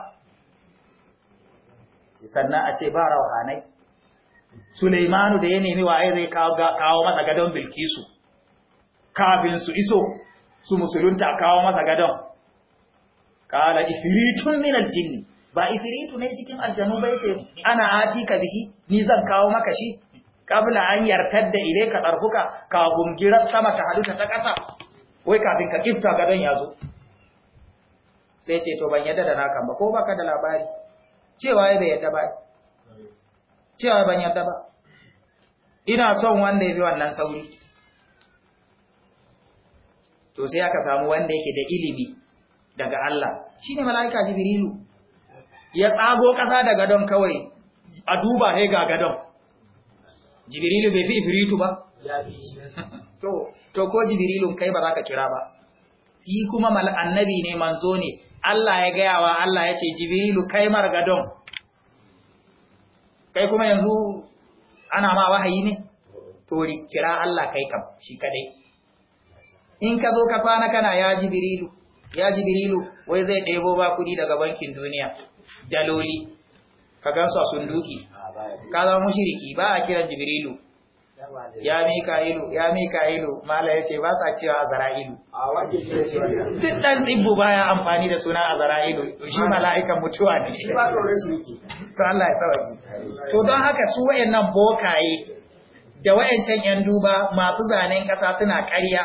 sannan a ce ba rauhanai Suleimanu da ya nemi waye zai kawo masa gadon Bilkisu kafin su iso su musulunta kawo masa gadon kala ifiritun min aljinni ba ifiritu ne cikin aljanu ba ana atika bihi ni zan kawo maka shi kabla an yartar da ilaika tarhuka kafin girar sama ta haluta ta kasa wai kafin ka kifta gadon dan yazo sai ce to ban yadda da nakan ba ko baka da labari cewa ya bai yadda ba cewa ban yadda ba ina son wanda ya bi wannan sauri to sai aka samu wanda yake da ilimi daga Allah shine mala'ika jibrilu ya tsago kasa daga don kawai a duba he ga gadon jibrilu bai fi ifritu ba to ko jibrilun kai ba za ka kira ba yi kuma mal annabi ne manzo ne Allah ya yawa Allah ya ce jibrilu kai margadon kai kuma yanzu ana ma wahayi ne to kira Allah kai kam shi kadai in ka zo ka fana kana ya jibrilu ya jibrilu wai zai ɗebo ba kuɗi daga bankin duniya daloli ka gansu sunduki ka zama mushiriki ba a kiran jibrilu ya mika ilu ya mika ilu mala yace ba sa cewa azra'ilu duk dan tsibbu baya amfani da suna azra'ilu shi mala'ikan mutuwa ne shi ba shi yake to Allah ya sauki to don haka su wayannan bokaye da wayancan yan duba masu zanen kasa suna ƙarya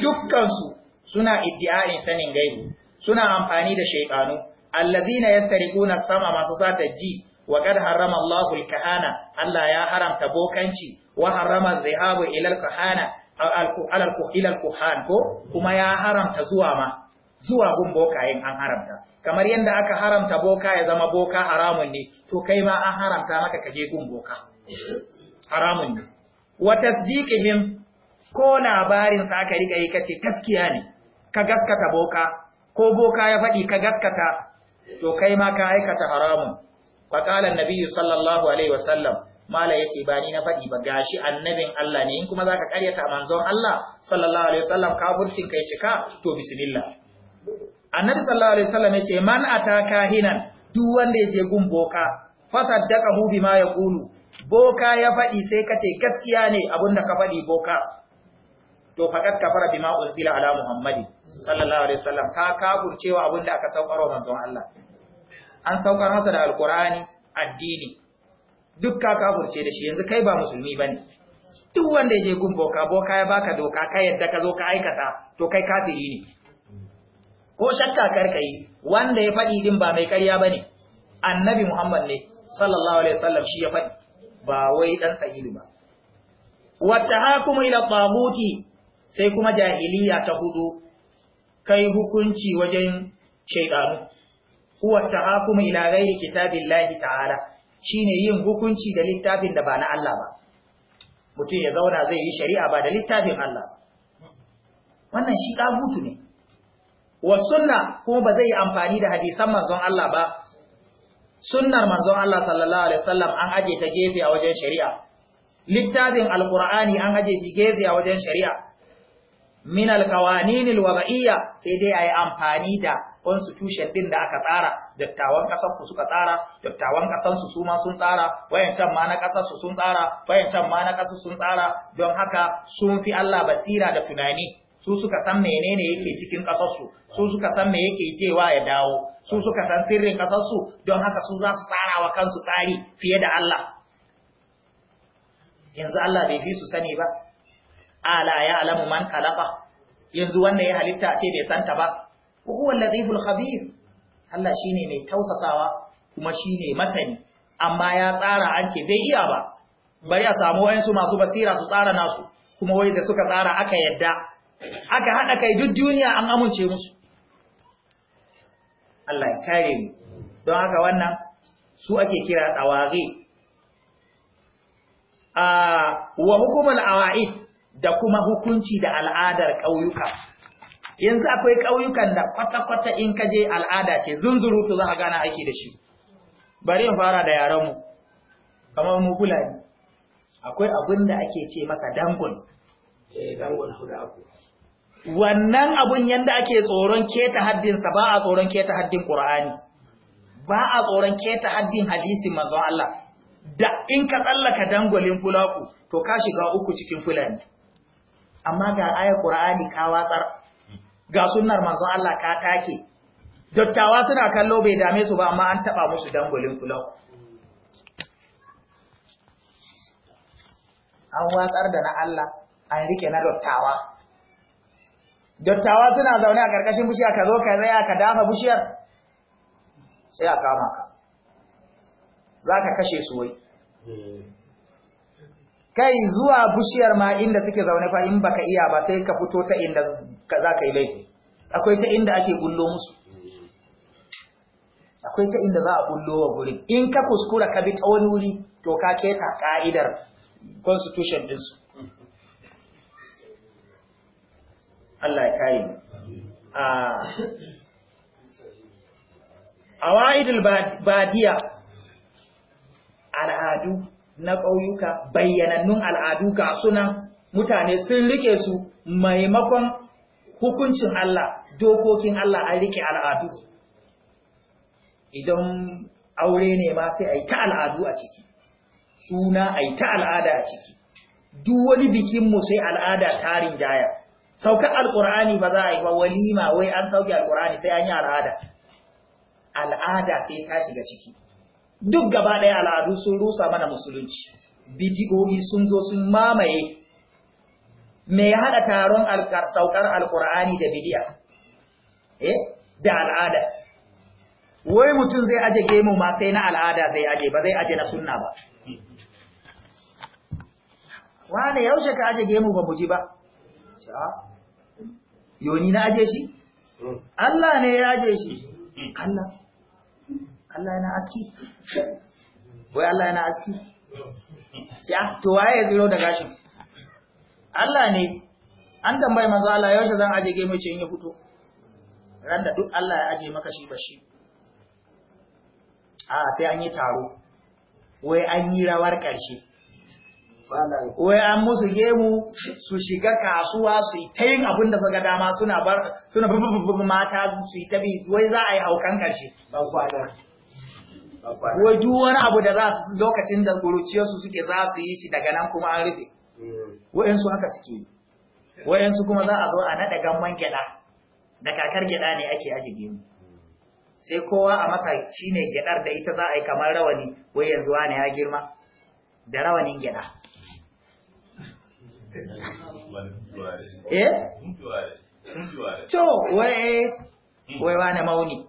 dukkan su suna iddia'in sanin gaibu suna amfani da shaytanu allazina yastariquna sama masu sata ji wa qad harrama Allahu al-kahana Allah ya haramta bokanci wa harrama dhahabu ila al-kahana ila al-kuhan kuma ya haramta zuwa ma zuwa gun bokayen an haramta kamar yadda aka haramta boka ya zama boka haramun ne to kai ma an haramta maka kaje gun boka haramun ne wa ko labarin sa aka rika yi kace gaskiya ne ka gaskata boka ko boka ya faɗi ka gaskata to kai ma ka aikata haramun faqala an sallallahu alaihi wasallam mala yace ba ni na faɗi ba gashi annabin Allah ne in kuma zaka karyata manzon Allah sallallahu alaihi wasallam kafircin kai cika to bismillah annabi sallallahu alaihi wasallam yace man ataka hinan duk wanda je gun boka fasaddaqahu bima yaqulu boka ya faɗi sai kace gaskiya ne abinda ka faɗi boka to faqad kafara bima unzila ala muhammadi sallallahu alaihi wasallam ka kafurcewa abinda aka saukarwa manzon Allah an saukar masa da alqur'ani addini duk ka kafurce da shi yanzu kai ba musulmi ba duk wanda ya je gun boka boka ya baka doka ka yadda ka zo ka aikata to kai kafiri ne ko shakka karka yi wanda ya faɗi din ba mai karya bane annabi muhammad ne sallallahu alaihi wasallam shi ya faɗi ba wai dan sahihu ba wata hakumu ila tabuti sai kuma jahiliya ta hudu kai hukunci wajen shaidanu huwa tahakumu ila ghairi kitabillahi ta'ala shine yin hukunci da littafin da ba na Allah ba mutum ya zauna zai yi shari'a ba da littafin Allah wannan shi ɗagutu ne wa sunna kuma ba zai yi amfani da hadisan manzon Allah ba sunnar manzon Allah sallallahu alaihi wasallam an aje ta gefe a wajen shari'a littafin alqur'ani an aje ta gefe a wajen shari'a min alqawanin alwad'iyya sai dai ayi amfani da constitution din da aka tsara dattawan kasar su suka tsara dattawan kasar su suma sun tsara wayancan ma na kasar su sun tsara wayancan ma na kasar sun tsara don haka sun fi Allah basira da tunani su suka san menene yake cikin kasar su su suka san me yake jewa ya dawo su suka san sirrin kasar su don haka su za su tsara wa kansu tsari fiye da Allah yanzu Allah bai fi su sani ba ala ya alamu man kalafa yanzu wanda ya halitta ce bai santa ba huwa al-latiful khabir Allah shi ne mai tausasawa kuma shi ne masani amma ya tsara an ce bai iya ba bari a samu wayansu masu basira su tsara nasu kuma wai da suka tsara aka yadda aka haɗa kai duk duniya an amince musu Allah ya kare mu don haka wannan su ake kira tsawari ah, wa hukumar awa'id da kuma hukunci da al'adar ƙauyuka yanzu akwai ƙauyukan da kwata-kwata in ka je al'ada ce zunzurutu za a gana aiki da shi bari in fara da yaranmu kamar mu akwai abin da ake ce masa dangon eh, wannan abun yanda ake tsoron keta haddinsa ba a tsoron keta haddin ƙura'ani ba a tsoron keta haddin hadisi manzon Allah da in ka tsallaka dangolin fulaku to ka shiga uku cikin fulani amma ga ayar ƙura'ani ka watsar ga sunnar manzon Allah ka take dattawa suna kallo bai dame su ba amma an taba musu dangolin kulau an watsar da na Allah an rike na dattawa dattawa suna zaune a karkashin bishiya ka zo ka zaya ka dafa bishiyar sai a kama ka za ka kashe su wai kai zuwa bishiyar ma inda suke zaune fa in baka iya ba sai ka fito ta inda za ka yi laifi akwai ta inda ake bullo musu akwai ta inda za a bullo wa gurin in ka kuskura ka bi ta wani wuri to ka keta ka'idar constitution ɗinsu Allah ya kare a ah. wa'idul badiya al'adu na ƙauyuka bayyanannun al'adu ga suna mutane sun rike su maimakon hukuncin Allah dokokin Allah an rike al'adu idan aure ne ma sai a yi ta al'adu a ciki suna a yi ta al'ada a ciki duk wani bikinmu sai al'ada tarin jaya saukar alƙur'ani ba za a yi ba walima wai an sauke alƙur'ani sai an yi al'ada al'ada sai ta shiga ciki duk gaba ɗaya al'adu sun rusa mana musulunci bidigogi sun zo sun mamaye mai ya haɗa taron saukar alƙur'ani da bidiyar? eh da al'ada wai mutum zai aje gemu ma sai na al'ada zai aje ba zai aje na sunna ba wane yaushe ka aje gemu ba buji ba yoni na aje shi Allah ne ya aje shi Allah Allah yana aski wai Allah yana aski ja to waye zuro da gashin Allah ne an tambaye manzo Allah yaushe zan aje gemu ce in ya fito Randa duk Allah ya aje maka shi ba shi a sai an yi taro wai an yi rawar ƙarshe wai an musu gemu su shiga kasuwa su yi ta yin abin da suka dama suna bar suna mata su yi tabi wai za a yi haukan ƙarshe wai duk wani abu da za su lokacin da kuruciyarsu suke za su yi shi daga nan kuma an rufe hmm. wa'yansu haka suke yi wa'yansu kuma za a zo a naɗa gamman gyaɗa da kakar gyaɗa ne ake aji gini, sai kowa a masa ne gyaɗar da ita za a yi kamar rawani wai yanzu wani ya girma da rawanin gyaɗa eh? to wai wai wani mauni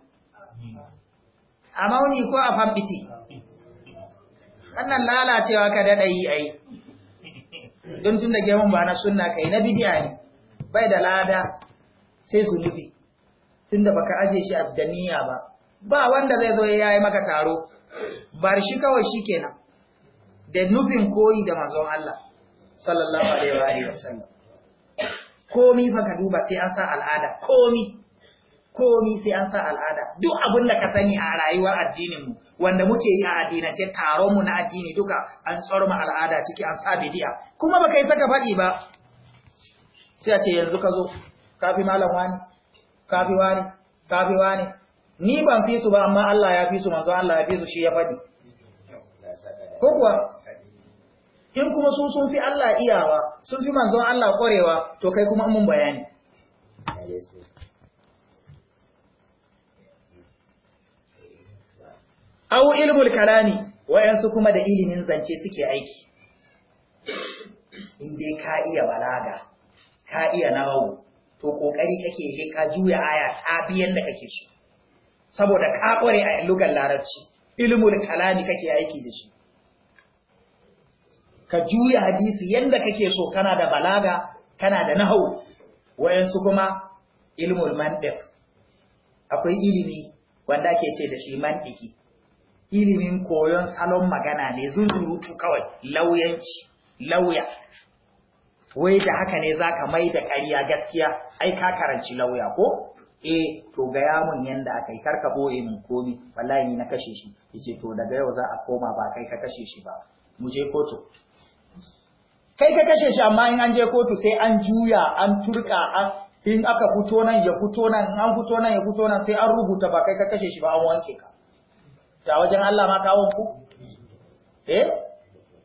a mauni ko a fambiti wannan lalacewa ka daɗa yi a yi don tun da gemun ba na sunna kai na bidiya ne bai da lada sai su nufi tunda baka aje shi a niyya ba ba wanda zai zo ya yi maka taro bar shi kawai shikenan da nufin koyi da mazon Allah sallallahu alaihi wa sallam komi fa ka duba sai an sa al'ada komi komi sai an sa al'ada duk abin da ka sani a rayuwar addinin mu wanda muke yi a taron mu na addini duka an tsorma al'ada ciki an sa bidiya kuma baka yi saka faɗi ba sai a ce yanzu ka zo kafi malam wani kafi wani kafi wani ni ban fi su ba amma Allah ya fi su manzo Allah ya fi su shi ya faɗi ko kuwa in kuma su sun fi Allah iyawa sun fi manzo Allah ƙwarewa to kai kuma mun bayani au ilmul kalami wayansu kuma da ilimin zance suke aiki in dai ka iya balaga ka iya nawo to kokari kake sai ka juya aya ta biyan da kake shi saboda ka kware a lugar larabci ilmul kalami kake aiki da shi ka juya hadisi yanda kake so kana da balaga kana da nahau wayansu kuma ilmul akwai ilimi wanda ake ce da shi mandiki. ilimin koyon salon magana ne zunzurutu kawai lauyanci lauya wai da haka ne za ka mai da ƙarya gaskiya ai ka karanci lauya ko eh to ga yamun yanda aka yi karka boye mun komi wallahi na kashe shi yace to daga yau za a koma ba kai ka kashe shi ba mu je kotu kai ka kashe shi amma in an je kotu sai an juya an turka in aka fito nan ya fito nan in an fito nan ya fito nan sai an rubuta ba kai ka kashe shi ba an wanke ka ta wajen Allah ma kawon ku eh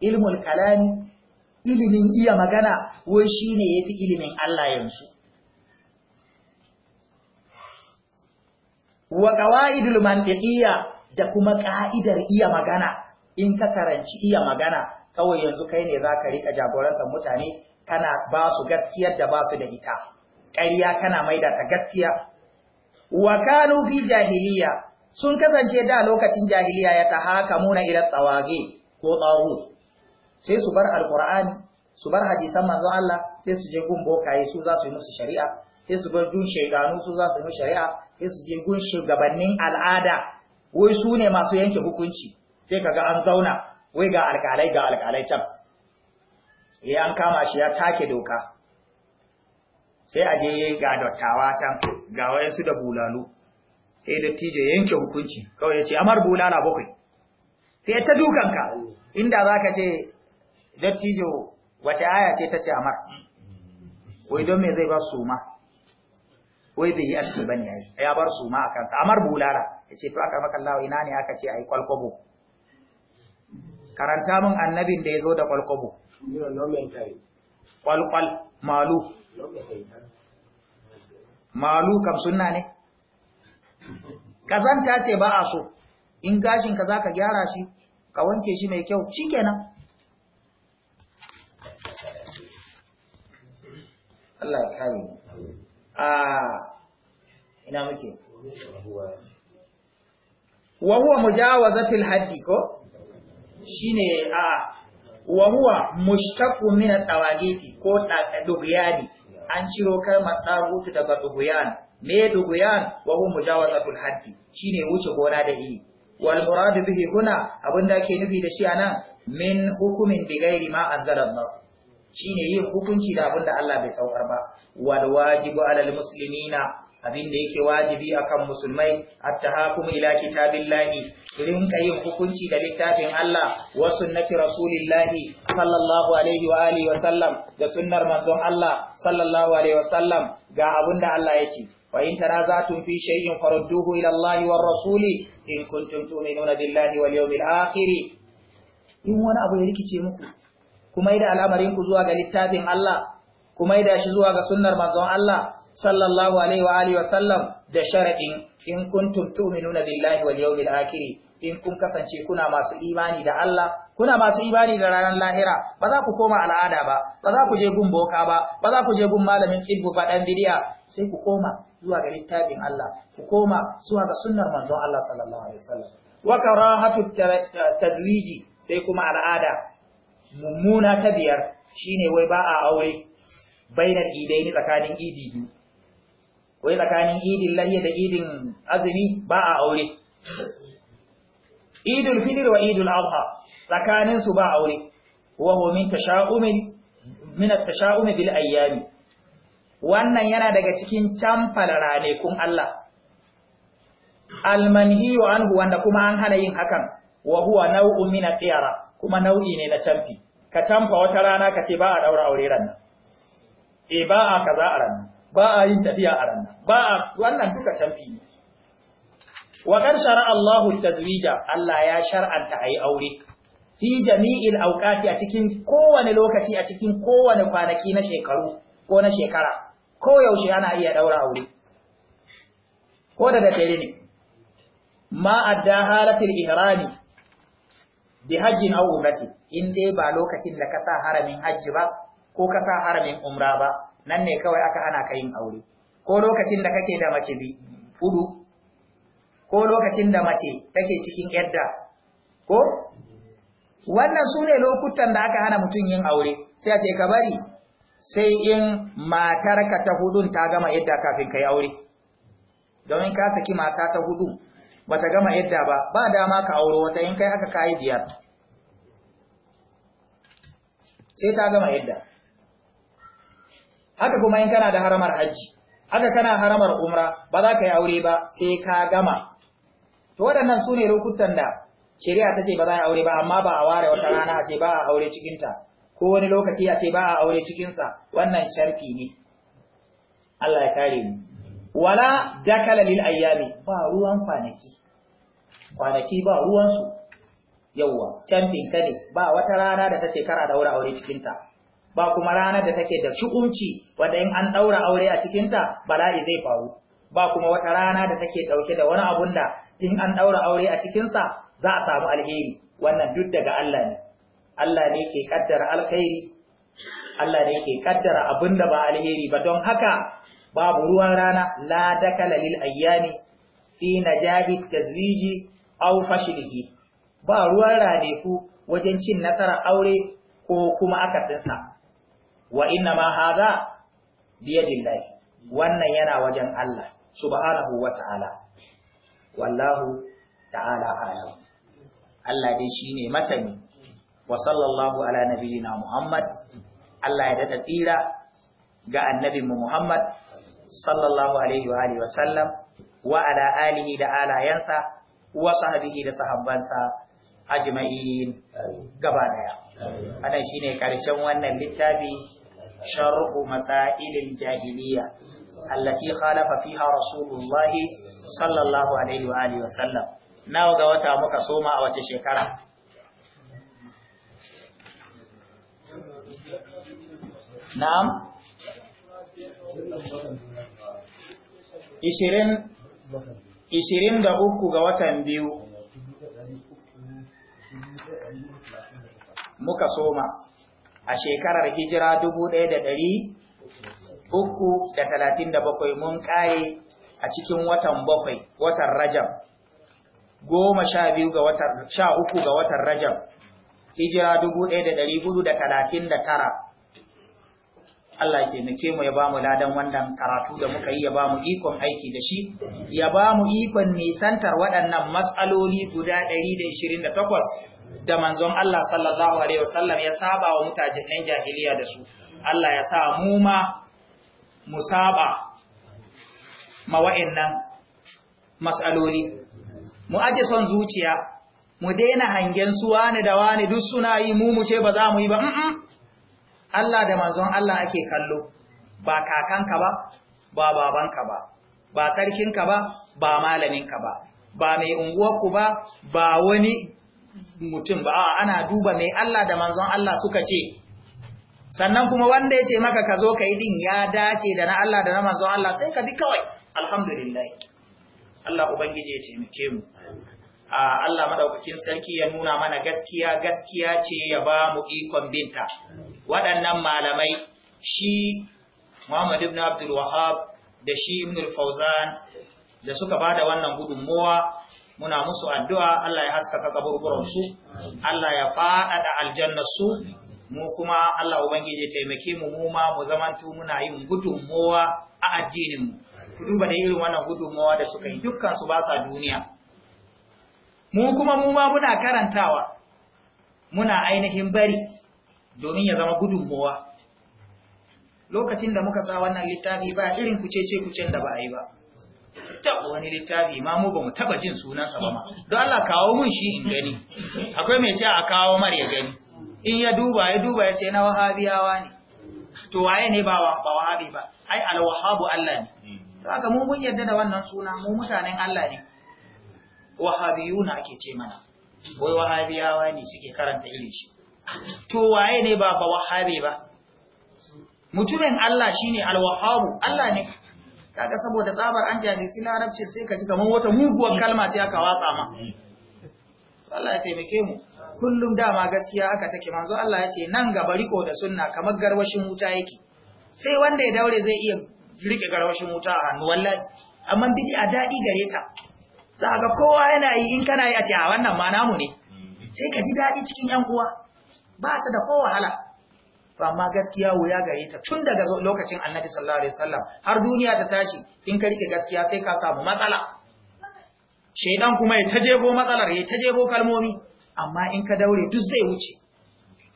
ilmul kalami ilimin iya magana wai shi ne ya fi ilimin Allah yanzu. Wa ƙawa'idul mantiƙiya da kuma ƙa'idar iya magana, in ka karanci iya magana, kawai yanzu kai ne za ka riƙa jagorantar mutane kana ba su gaskiyar da ba su da ita, ƙarya kana maida ta gaskiya. Wa kanu fi jahiliya, sun kasance da lokacin jahiliya ya ta haka muna ilar tsawage ko tsaro. sai su bar alkur'ani su bar hadisan Manzo Allah sai su je gun bokaye su za su yi musu shari'a sai su bar gun shaydanu su za su yi musu shari'a sai su je gun shugabannin al'ada wai su ne masu yanke hukunci sai kaga an zauna wai ga alƙalai ga alƙalai can eh an kama shi ya take doka sai a je ga dattawa can ga wayansu da bulalu sai tije yanke hukunci kawai ya ce amar bulala bakwai sai ta dukanka inda za ka ce dattijo wace aya ce ta ce amar wai don me zai bar suma wai bai yi aski bane ne? ya bar suma a kansa amar bulara yace to aka maka Allah ina ne aka ce ai kwalkwabo karanta mun annabin da yazo da kwalkwabo kwalkwal malu malu kam sunna ne kazanta ce ba a so in gashin ka zaka gyara shi ka wanke shi mai kyau shikenan Allah kare a ina muke wa huwa mujawazatil haddi ko shine a wa huwa mushtaqu min at-tawagiti ko dugyani an ciro kalmar tagutu daga dugyan me dugyan wa huwa mujawazatul haddi shine wuce gona da iri wal murad bihi huna abinda ake nufi da shi anan min hukumin bi ghairi ma anzala Allah shine yin hukunci da abin da Allah bai saukar ba wal wajibu alal muslimina abin da yake wajibi akan musulmai at-tahakum ila kitabillahi rinka yin hukunci da littafin Allah wa sunnati rasulillahi sallallahu alaihi wa alihi wa sallam da sunnar manzon Allah sallallahu alaihi wa sallam ga abin da Allah yake wa in tanazatum fi shay'in farudduhu ila Allah war rasuli in kuntum tu'minuna billahi wal yawmil akhir in wani abu ya rikice muku mai da al'amarin ku zuwa ga littafin Allah mai da shi zuwa ga sunnar manzon Allah sallallahu alaihi wa da sharadin in kuntum nuna billahi wal yawmil akhir in kun kasance kuna masu imani da Allah kuna masu imani da ranar lahira ba za ku koma al'ada ba ba za ku je gun boka ba ba za ku je gun malamin kibbu ba dan bidiya sai ku koma zuwa ga littafin Allah ku koma zuwa ga sunnar manzon Allah sallallahu alaihi wasallam wa karahatu sai kuma al'ada mummuna ta biyar shine wai ba a aure bainar idaini tsakanin idi biyu wai tsakanin idin lahiya da idin azumi ba a aure idul fitr wa idul adha tsakanin su ba aure wa huwa min tasha'umin min at-tasha'um bil ayyami wannan yana daga cikin camfala kun Allah al wa anhu wanda kuma an hana yin hakan wa huwa nau'un min at-tiyara kuma nau'i ne na canfi. ka canfa wata rana ka ce ba a daura aure ran nan e ba a kaza a ran ba a yin tafiya a ran ba a wannan duka canfi ne wa qad shara'a tazwija Allah ya shar'anta ayi aure fi jami'il awqati a cikin kowane lokaci a cikin kowane kwanaki na shekaru ko na shekara ko yaushe ana iya daura aure ko da dare ne ma adda halatul ihrami bi hajjin aw umrati in dai ba lokacin da ka sa haramin hajji ba ko ka sa haramin umra ba nan ne kawai aka hana ka yin aure ko lokacin da kake da mace bi hudu ko lokacin da mace take cikin yadda ko wannan sune lokutan da aka hana mutum yin aure sai a ce ka bari sai in matarka ta hudun ta gama yadda kafin ka yi aure domin ka saki mata ta hudun ta gama yadda ba ba dama ka auro wata in kai aka kayi biyar sai ta gama yadda. haka kuma in kana da haramar hajji haka kana haramar umra ba za ka yi aure ba sai ka gama to waɗannan su ne lokutan da shari'a ta ce ba za a aure ba amma ba a ware wata rana a ce ba a aure cikinta ko wani lokaci a ce ba a aure cikinsa wannan sharfi ne Allah ya kare mu wala dakala lil ayyami ba ruwan kwanaki kwanaki ba ruwansu yauwa camfin ka ne ba wata rana da take kara daura aure cikinta ba kuma rana da take da shukunci wanda in an daura aure a cikinta bala'i zai faru ba kuma wata rana da take dauke da wani abun da in an daura aure a cikinsa za a samu alheri wannan duk daga Allah ne Allah ne ke kaddara alkhairi Allah ne ke kaddara abinda ba alheri ba don haka babu ruwan rana la dakala lil ayyami fi najahi tazwiji aw fashlihi ba ruwan ku wajen cin nasarar aure ko kuma akasinsa wa inna ma haza biyadillahi wannan yana wajen Allah subhanahu wa ta'ala wallahu ta'ala alam Allah dai shine masani wa sallallahu ala nabiyyina Muhammad Allah ya dada tsira ga annabinmu Muhammad sallallahu alaihi wa alihi wa sallam wa ala alihi da alayansa wa sahbihi da sahabbansa ajma'in gaba daya wannan shine karshen wannan littafi sharhu masailil jahiliya allati khalafa fiha rasulullah sallallahu alaihi wa alihi wa sallam nawa ga wata muka soma a wace shekara Na'am? Ishirin da uku ga watan biyu, muka soma a shekarar hijira dubu ɗaya da ɗari uku da talatin da bakwai mun kare a cikin watan bakwai watan rajab goma sha biyu ga watan sha uku ga watan rajab hijira dubu ɗaya da ɗari hudu da talatin da tara Allah ke nake mu ya bamu ladan wannan karatu da muka yi ya bamu ikon aiki da shi ya bamu ikon nisantar waɗannan matsaloli guda 128 da manzon Allah sallallahu alaihi wasallam ya saba wa nan jahiliya da su Allah ya sa mu ma mu saba ma wa'annan mu aje son zuciya mu daina hangen su wani da wani duk suna yi mu mu ce ba za mu yi ba Allah da manzon Allah ake kallo ba kakanka ba ba babanka ba ba sarkinka ba ba malaminka ba ba mai unguwarku ba ba wani mutum ba ana duba mai Allah da manzon Allah suka ce sannan kuma wanda ya ce maka ka zo ka yi din ya dace da na Allah da na manzon Allah sai ka bi kawai alhamdulillah Allah ubangiji ya taimake mu Allah madaukakin sarki ya nuna mana gaskiya gaskiya ce ya ba mu ikon binta waɗannan malamai shi Muhammad ibn Abdul Wahhab da shi Ibn Fawzan da suka bada wannan gudunmowa muna musu addu'a Allah ya haskaka kaburburansu Allah ya faɗaɗa aljannarsu mu kuma Allah ubangiji taimake mu mu ma mu zamantu muna yin gudunmowa a addinin mu ku duba da irin wannan gudunmowa da suka yi dukkan ba sa duniya mu kuma mu muna karantawa muna ainihin bari domin ya zama gudunmowa lokacin da muka sa wannan littafi ba irin kucece kucen da ba a yi ba taba wani littafi ma mu ba mu taba jin sunansa ba ma don Allah kawo mun shi in gani akwai mai ce a kawo mar ya gani in ya duba ya duba ya ce na wahabiyawa ne to waye ne ba ba wahabi ba ai al wahabu Allah ne to hmm. haka mu mun yarda da wannan suna mu mutanen Allah ne wahabiyuna ake ce mana wai wahabiyawa ne suke karanta irin shi to waye ne ba ba wahabi ba mutumin Allah shine al wahabu Allah ne kaga saboda tsabar an jahilci larabci sai ka ji kamar wata muguwar kalma ce aka watsa ma Allah ya taimake mu kullum dama gaskiya aka take manzo Allah ya ce nan gaba riko da sunna kamar garwashin wuta yake sai wanda ya daure zai iya rike garwashin wuta a hannu wallahi amma a dadi gare ta za ga kowa yana yi in kana yi a ce a wannan ma namu ne mm. sai ka ji dadi cikin yan uwa ba ta da kowa wahala to amma gaskiya wuya gare ta tun daga lokacin annabi sallallahu alaihi wasallam har duniya ta tashi in ka rike gaskiya sai ka samu matsala shaidan kuma ya go matsalar ya tajebo kalmomi amma in ka daure duk zai wuce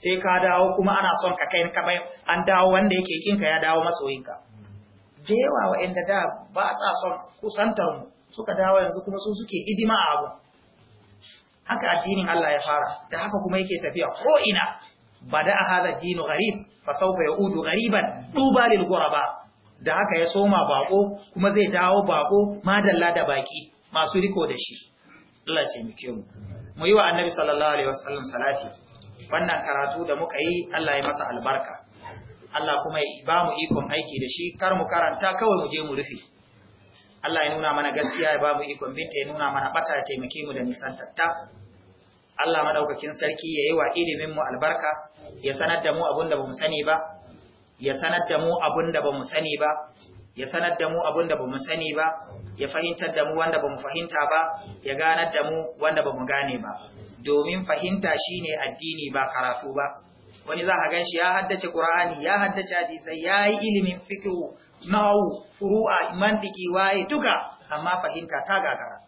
sai ka dawo kuma ana son ka kai ka bai an dawo wanda yake ka ya dawo masoyinka da yawa wa'anda da ba sa son kusantar mu suka dawo yanzu kuma su suke idima a abu haka addinin Allah ya fara da haka kuma yake tafiya ko ina bada hadha ad-din gharib fa sawfa yaudu ghariban tuba lil ghuraba da haka ya soma bako kuma zai dawo bako madalla da baki masu riko da shi Allah ce muke mu mu yi wa annabi sallallahu alaihi wasallam salati wannan karatu da muka yi Allah ya masa albarka Allah kuma ya ba mu ikon aiki da shi kar mu karanta kawai mu je mu rufe Allah ya nuna mana gaskiya ya ba mu ikon binta ya nuna mana bata ya taimake mu da nisantatta Allah madaukakin sarki ya yi wa ilimin mu albarka ya sanar da mu abin da ba sani ba ya sanar da mu abin da ba sani ba ya sanar da mu abin da ba sani ba ya fahimtar da mu wanda ba mu fahimta ba ya ganar da mu wanda ba gane ba domin fahimta shine addini ba karatu ba wani za ka ganshi ya haddace Qur'ani ya haddace hadisai ya yi ilimin fiqh nahu furu'a mantiki waye duka amma fahimta ta gagara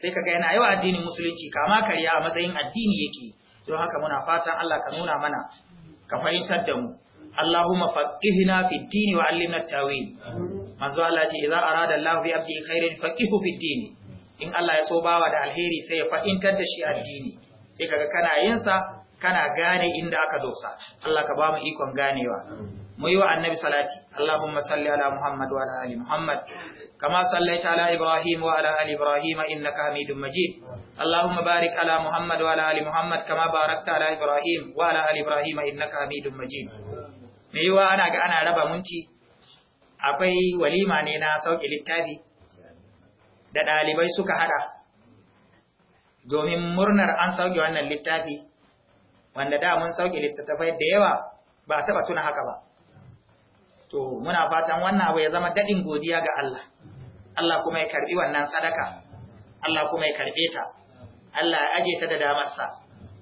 sai kaga yana yawa addinin musulunci kama kariya a matsayin addini yake don haka muna fatan Allah ka nuna mana ka fahimtar da mu Allahumma faqihna fid dini wa allimna tawil manzo Allah ce idza arada Allah bi abdi khairin faqihu fid in Allah ya so bawa da alheri sai ya fahimtar da shi addini sai kaga kana yin sa kana gane inda aka dosa Allah ka ba mu ikon ganewa mu yi wa annabi salati Allahumma salli ala Muhammad wa ala ali Muhammad kama sallaita ala Ibrahim wa ala ali Ibrahim innaka Hamidum Majid اللهم بارك على محمد وعلى ال محمد كما باركت على ابراهيم وعلى ال ابراهيم انك حميد مجيد me yiwa ga ana raba munci akwai walima ne na sauƙi littafi da ɗalibai suka hada domin murnar an sauƙi wannan littafi wanda da mun sauƙi littattafai da yawa ba a taba tuna haka ba to muna fatan wannan abu ya zama daɗin godiya ga Allah Allah kuma ya karbi wannan sadaka Allah kuma ya karɓe ta Allah ya aje ta da damarsa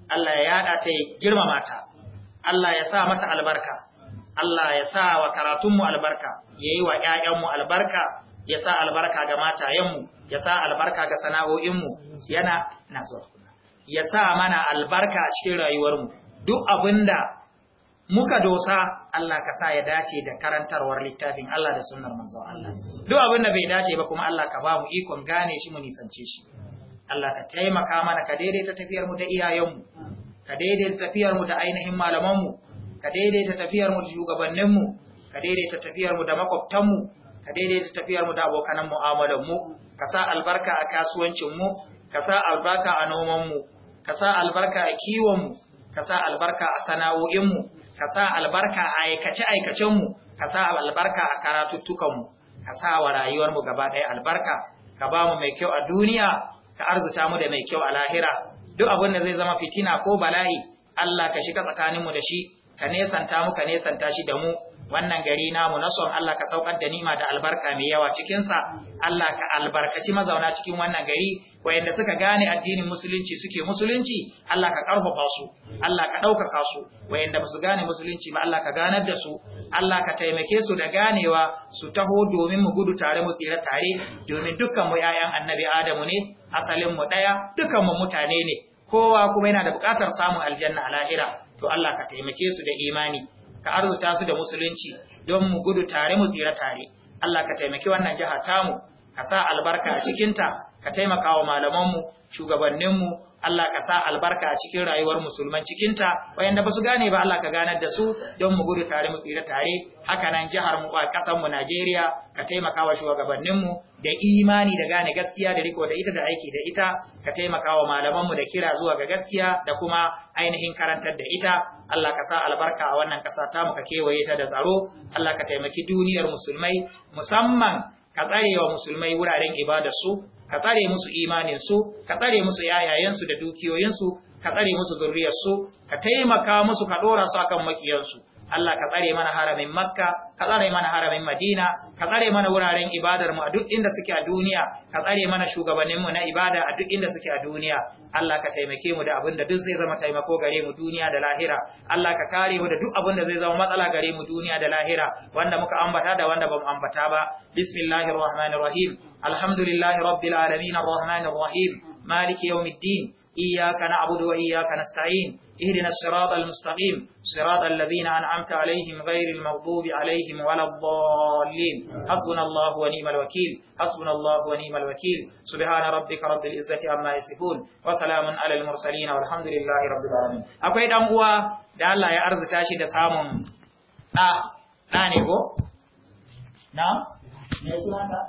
Allah ya yada ta ya girmama ta Allah ya sa mata albarka Allah ya sa wa karatunmu albarka ya yi wa ‘ya'yanmu albarka ya sa albarka ga matayenmu ya sa albarka ga sana'o'inmu yana na ya sa mana albarka a cikin rayuwarmu duk abinda muka dosa Allah ka sa ya dace da karantarwar littafin Allah da sunnar manzo Allah duk abinda bai dace ba kuma Allah ka ba mu ikon gane shi mu nisance shi Allah ka taimaka mana ka daidaita tafiyarmu da iyayenmu ka daidaita tafiyarmu da ainihin malamanmu ka daidaita tafiyarmu da shugabanninmu ka daidaita tafiyarmu da makwabtanmu ka daidaita tafiyarmu da abokanan mu'amalanmu ka sa albarka a kasuwancinmu ka sa albarka a nomanmu ka sa albarka a kiwonmu ka sa albarka a sana'o'inmu ka sa albarka a aikace-aikacenmu ka sa albarka a karatuttukanmu ka sa wa rayuwarmu gaba ɗaya albarka ka ba mu mai kyau a duniya ka arzuta mu da mai kyau a lahira duk abin da zai zama fitina ko bala'i Allah ka shiga tsakaninmu da shi ka nesanta mu ka nesanta shi da mu wannan gari namu na Allah ka saukar da nima da albarka mai yawa cikinsa Allah ka albarkaci mazauna cikin wannan gari wayanda suka gane addinin musulunci suke musulunci Allah ka karfafa su Allah ka ɗaukaka su wayanda ba su gane musulunci ba Allah ka ganar da su Allah ka taimake su da ganewa su taho domin mu gudu tare mu tsira tare domin dukkan mu 'ya'yan annabi Adamu ne asalin mu ɗaya dukkan mu mutane ne kowa kuma yana da buƙatar samun aljanna a lahira to Allah ka taimake su da imani ka arzuta su da musulunci don mu gudu tare mu tsira tare Allah ka taimaki wannan jiha tamu ka sa albarka a cikinta ka taimaka wa malamanmu shugabanninmu Allah ka sa albarka a cikin rayuwar musulman cikinta wayanda ba su gane ba Allah ka ganar da su don mu gudu tare mu tsira tare haka nan jihar mu a kasar mu Najeriya ka taimaka wa shugabannin mu da imani da gane gaskiya da riko da ita da aiki da ita ka taimaka wa malaman mu da kira zuwa ga gaskiya da kuma ainihin karantar da ita Allah ka sa albarka a wannan kasa ta mu ka kewaye ta da tsaro Allah ka taimaki duniyar musulmai musamman ka tsare wa musulmai wuraren ibadarsu ka tsare musu imanin su ka tsare musu yayayensu da dukiyoyinsu ka tsare musu su ka taimaka musu ka ɗora su akan makiyansu Allah ka tsare mana haramin Makka, ka tsare mana haramin Madina, ka tsare mana wuraren ibadar mu a duk inda suke a duniya, ka tsare mana shugabannin mu na ibada a duk inda suke a duniya. Allah ka taimake mu da abin da duk zai zama taimako gare mu duniya da lahira. Allah ka kare mu da duk abin da zai zama matsala gare mu duniya da lahira, wanda muka ambata da wanda bamu ambata ba. Bismillahir Rahmanir Rahim. Alhamdulillahi Rabbil Alamin Arrahmanir Rahim. Maliki Yawmiddin. إياك نعبد وإياك نستعين اهدنا الصراط المستقيم صراط الذين أنعمت عليهم غير المغضوب عليهم ولا الضالين حسبنا الله ونعم الوكيل حسبنا الله ونعم الوكيل سبحان ربك رب العزة عما يصفون وسلام على المرسلين والحمد لله رب العالمين akwai dan uwa da Allah ya arzuta shi da samun da da ne ko na me sunanka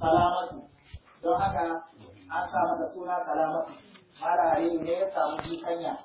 salamatu don haka an sa masa suna salamatu marayin ne ya samu jikanya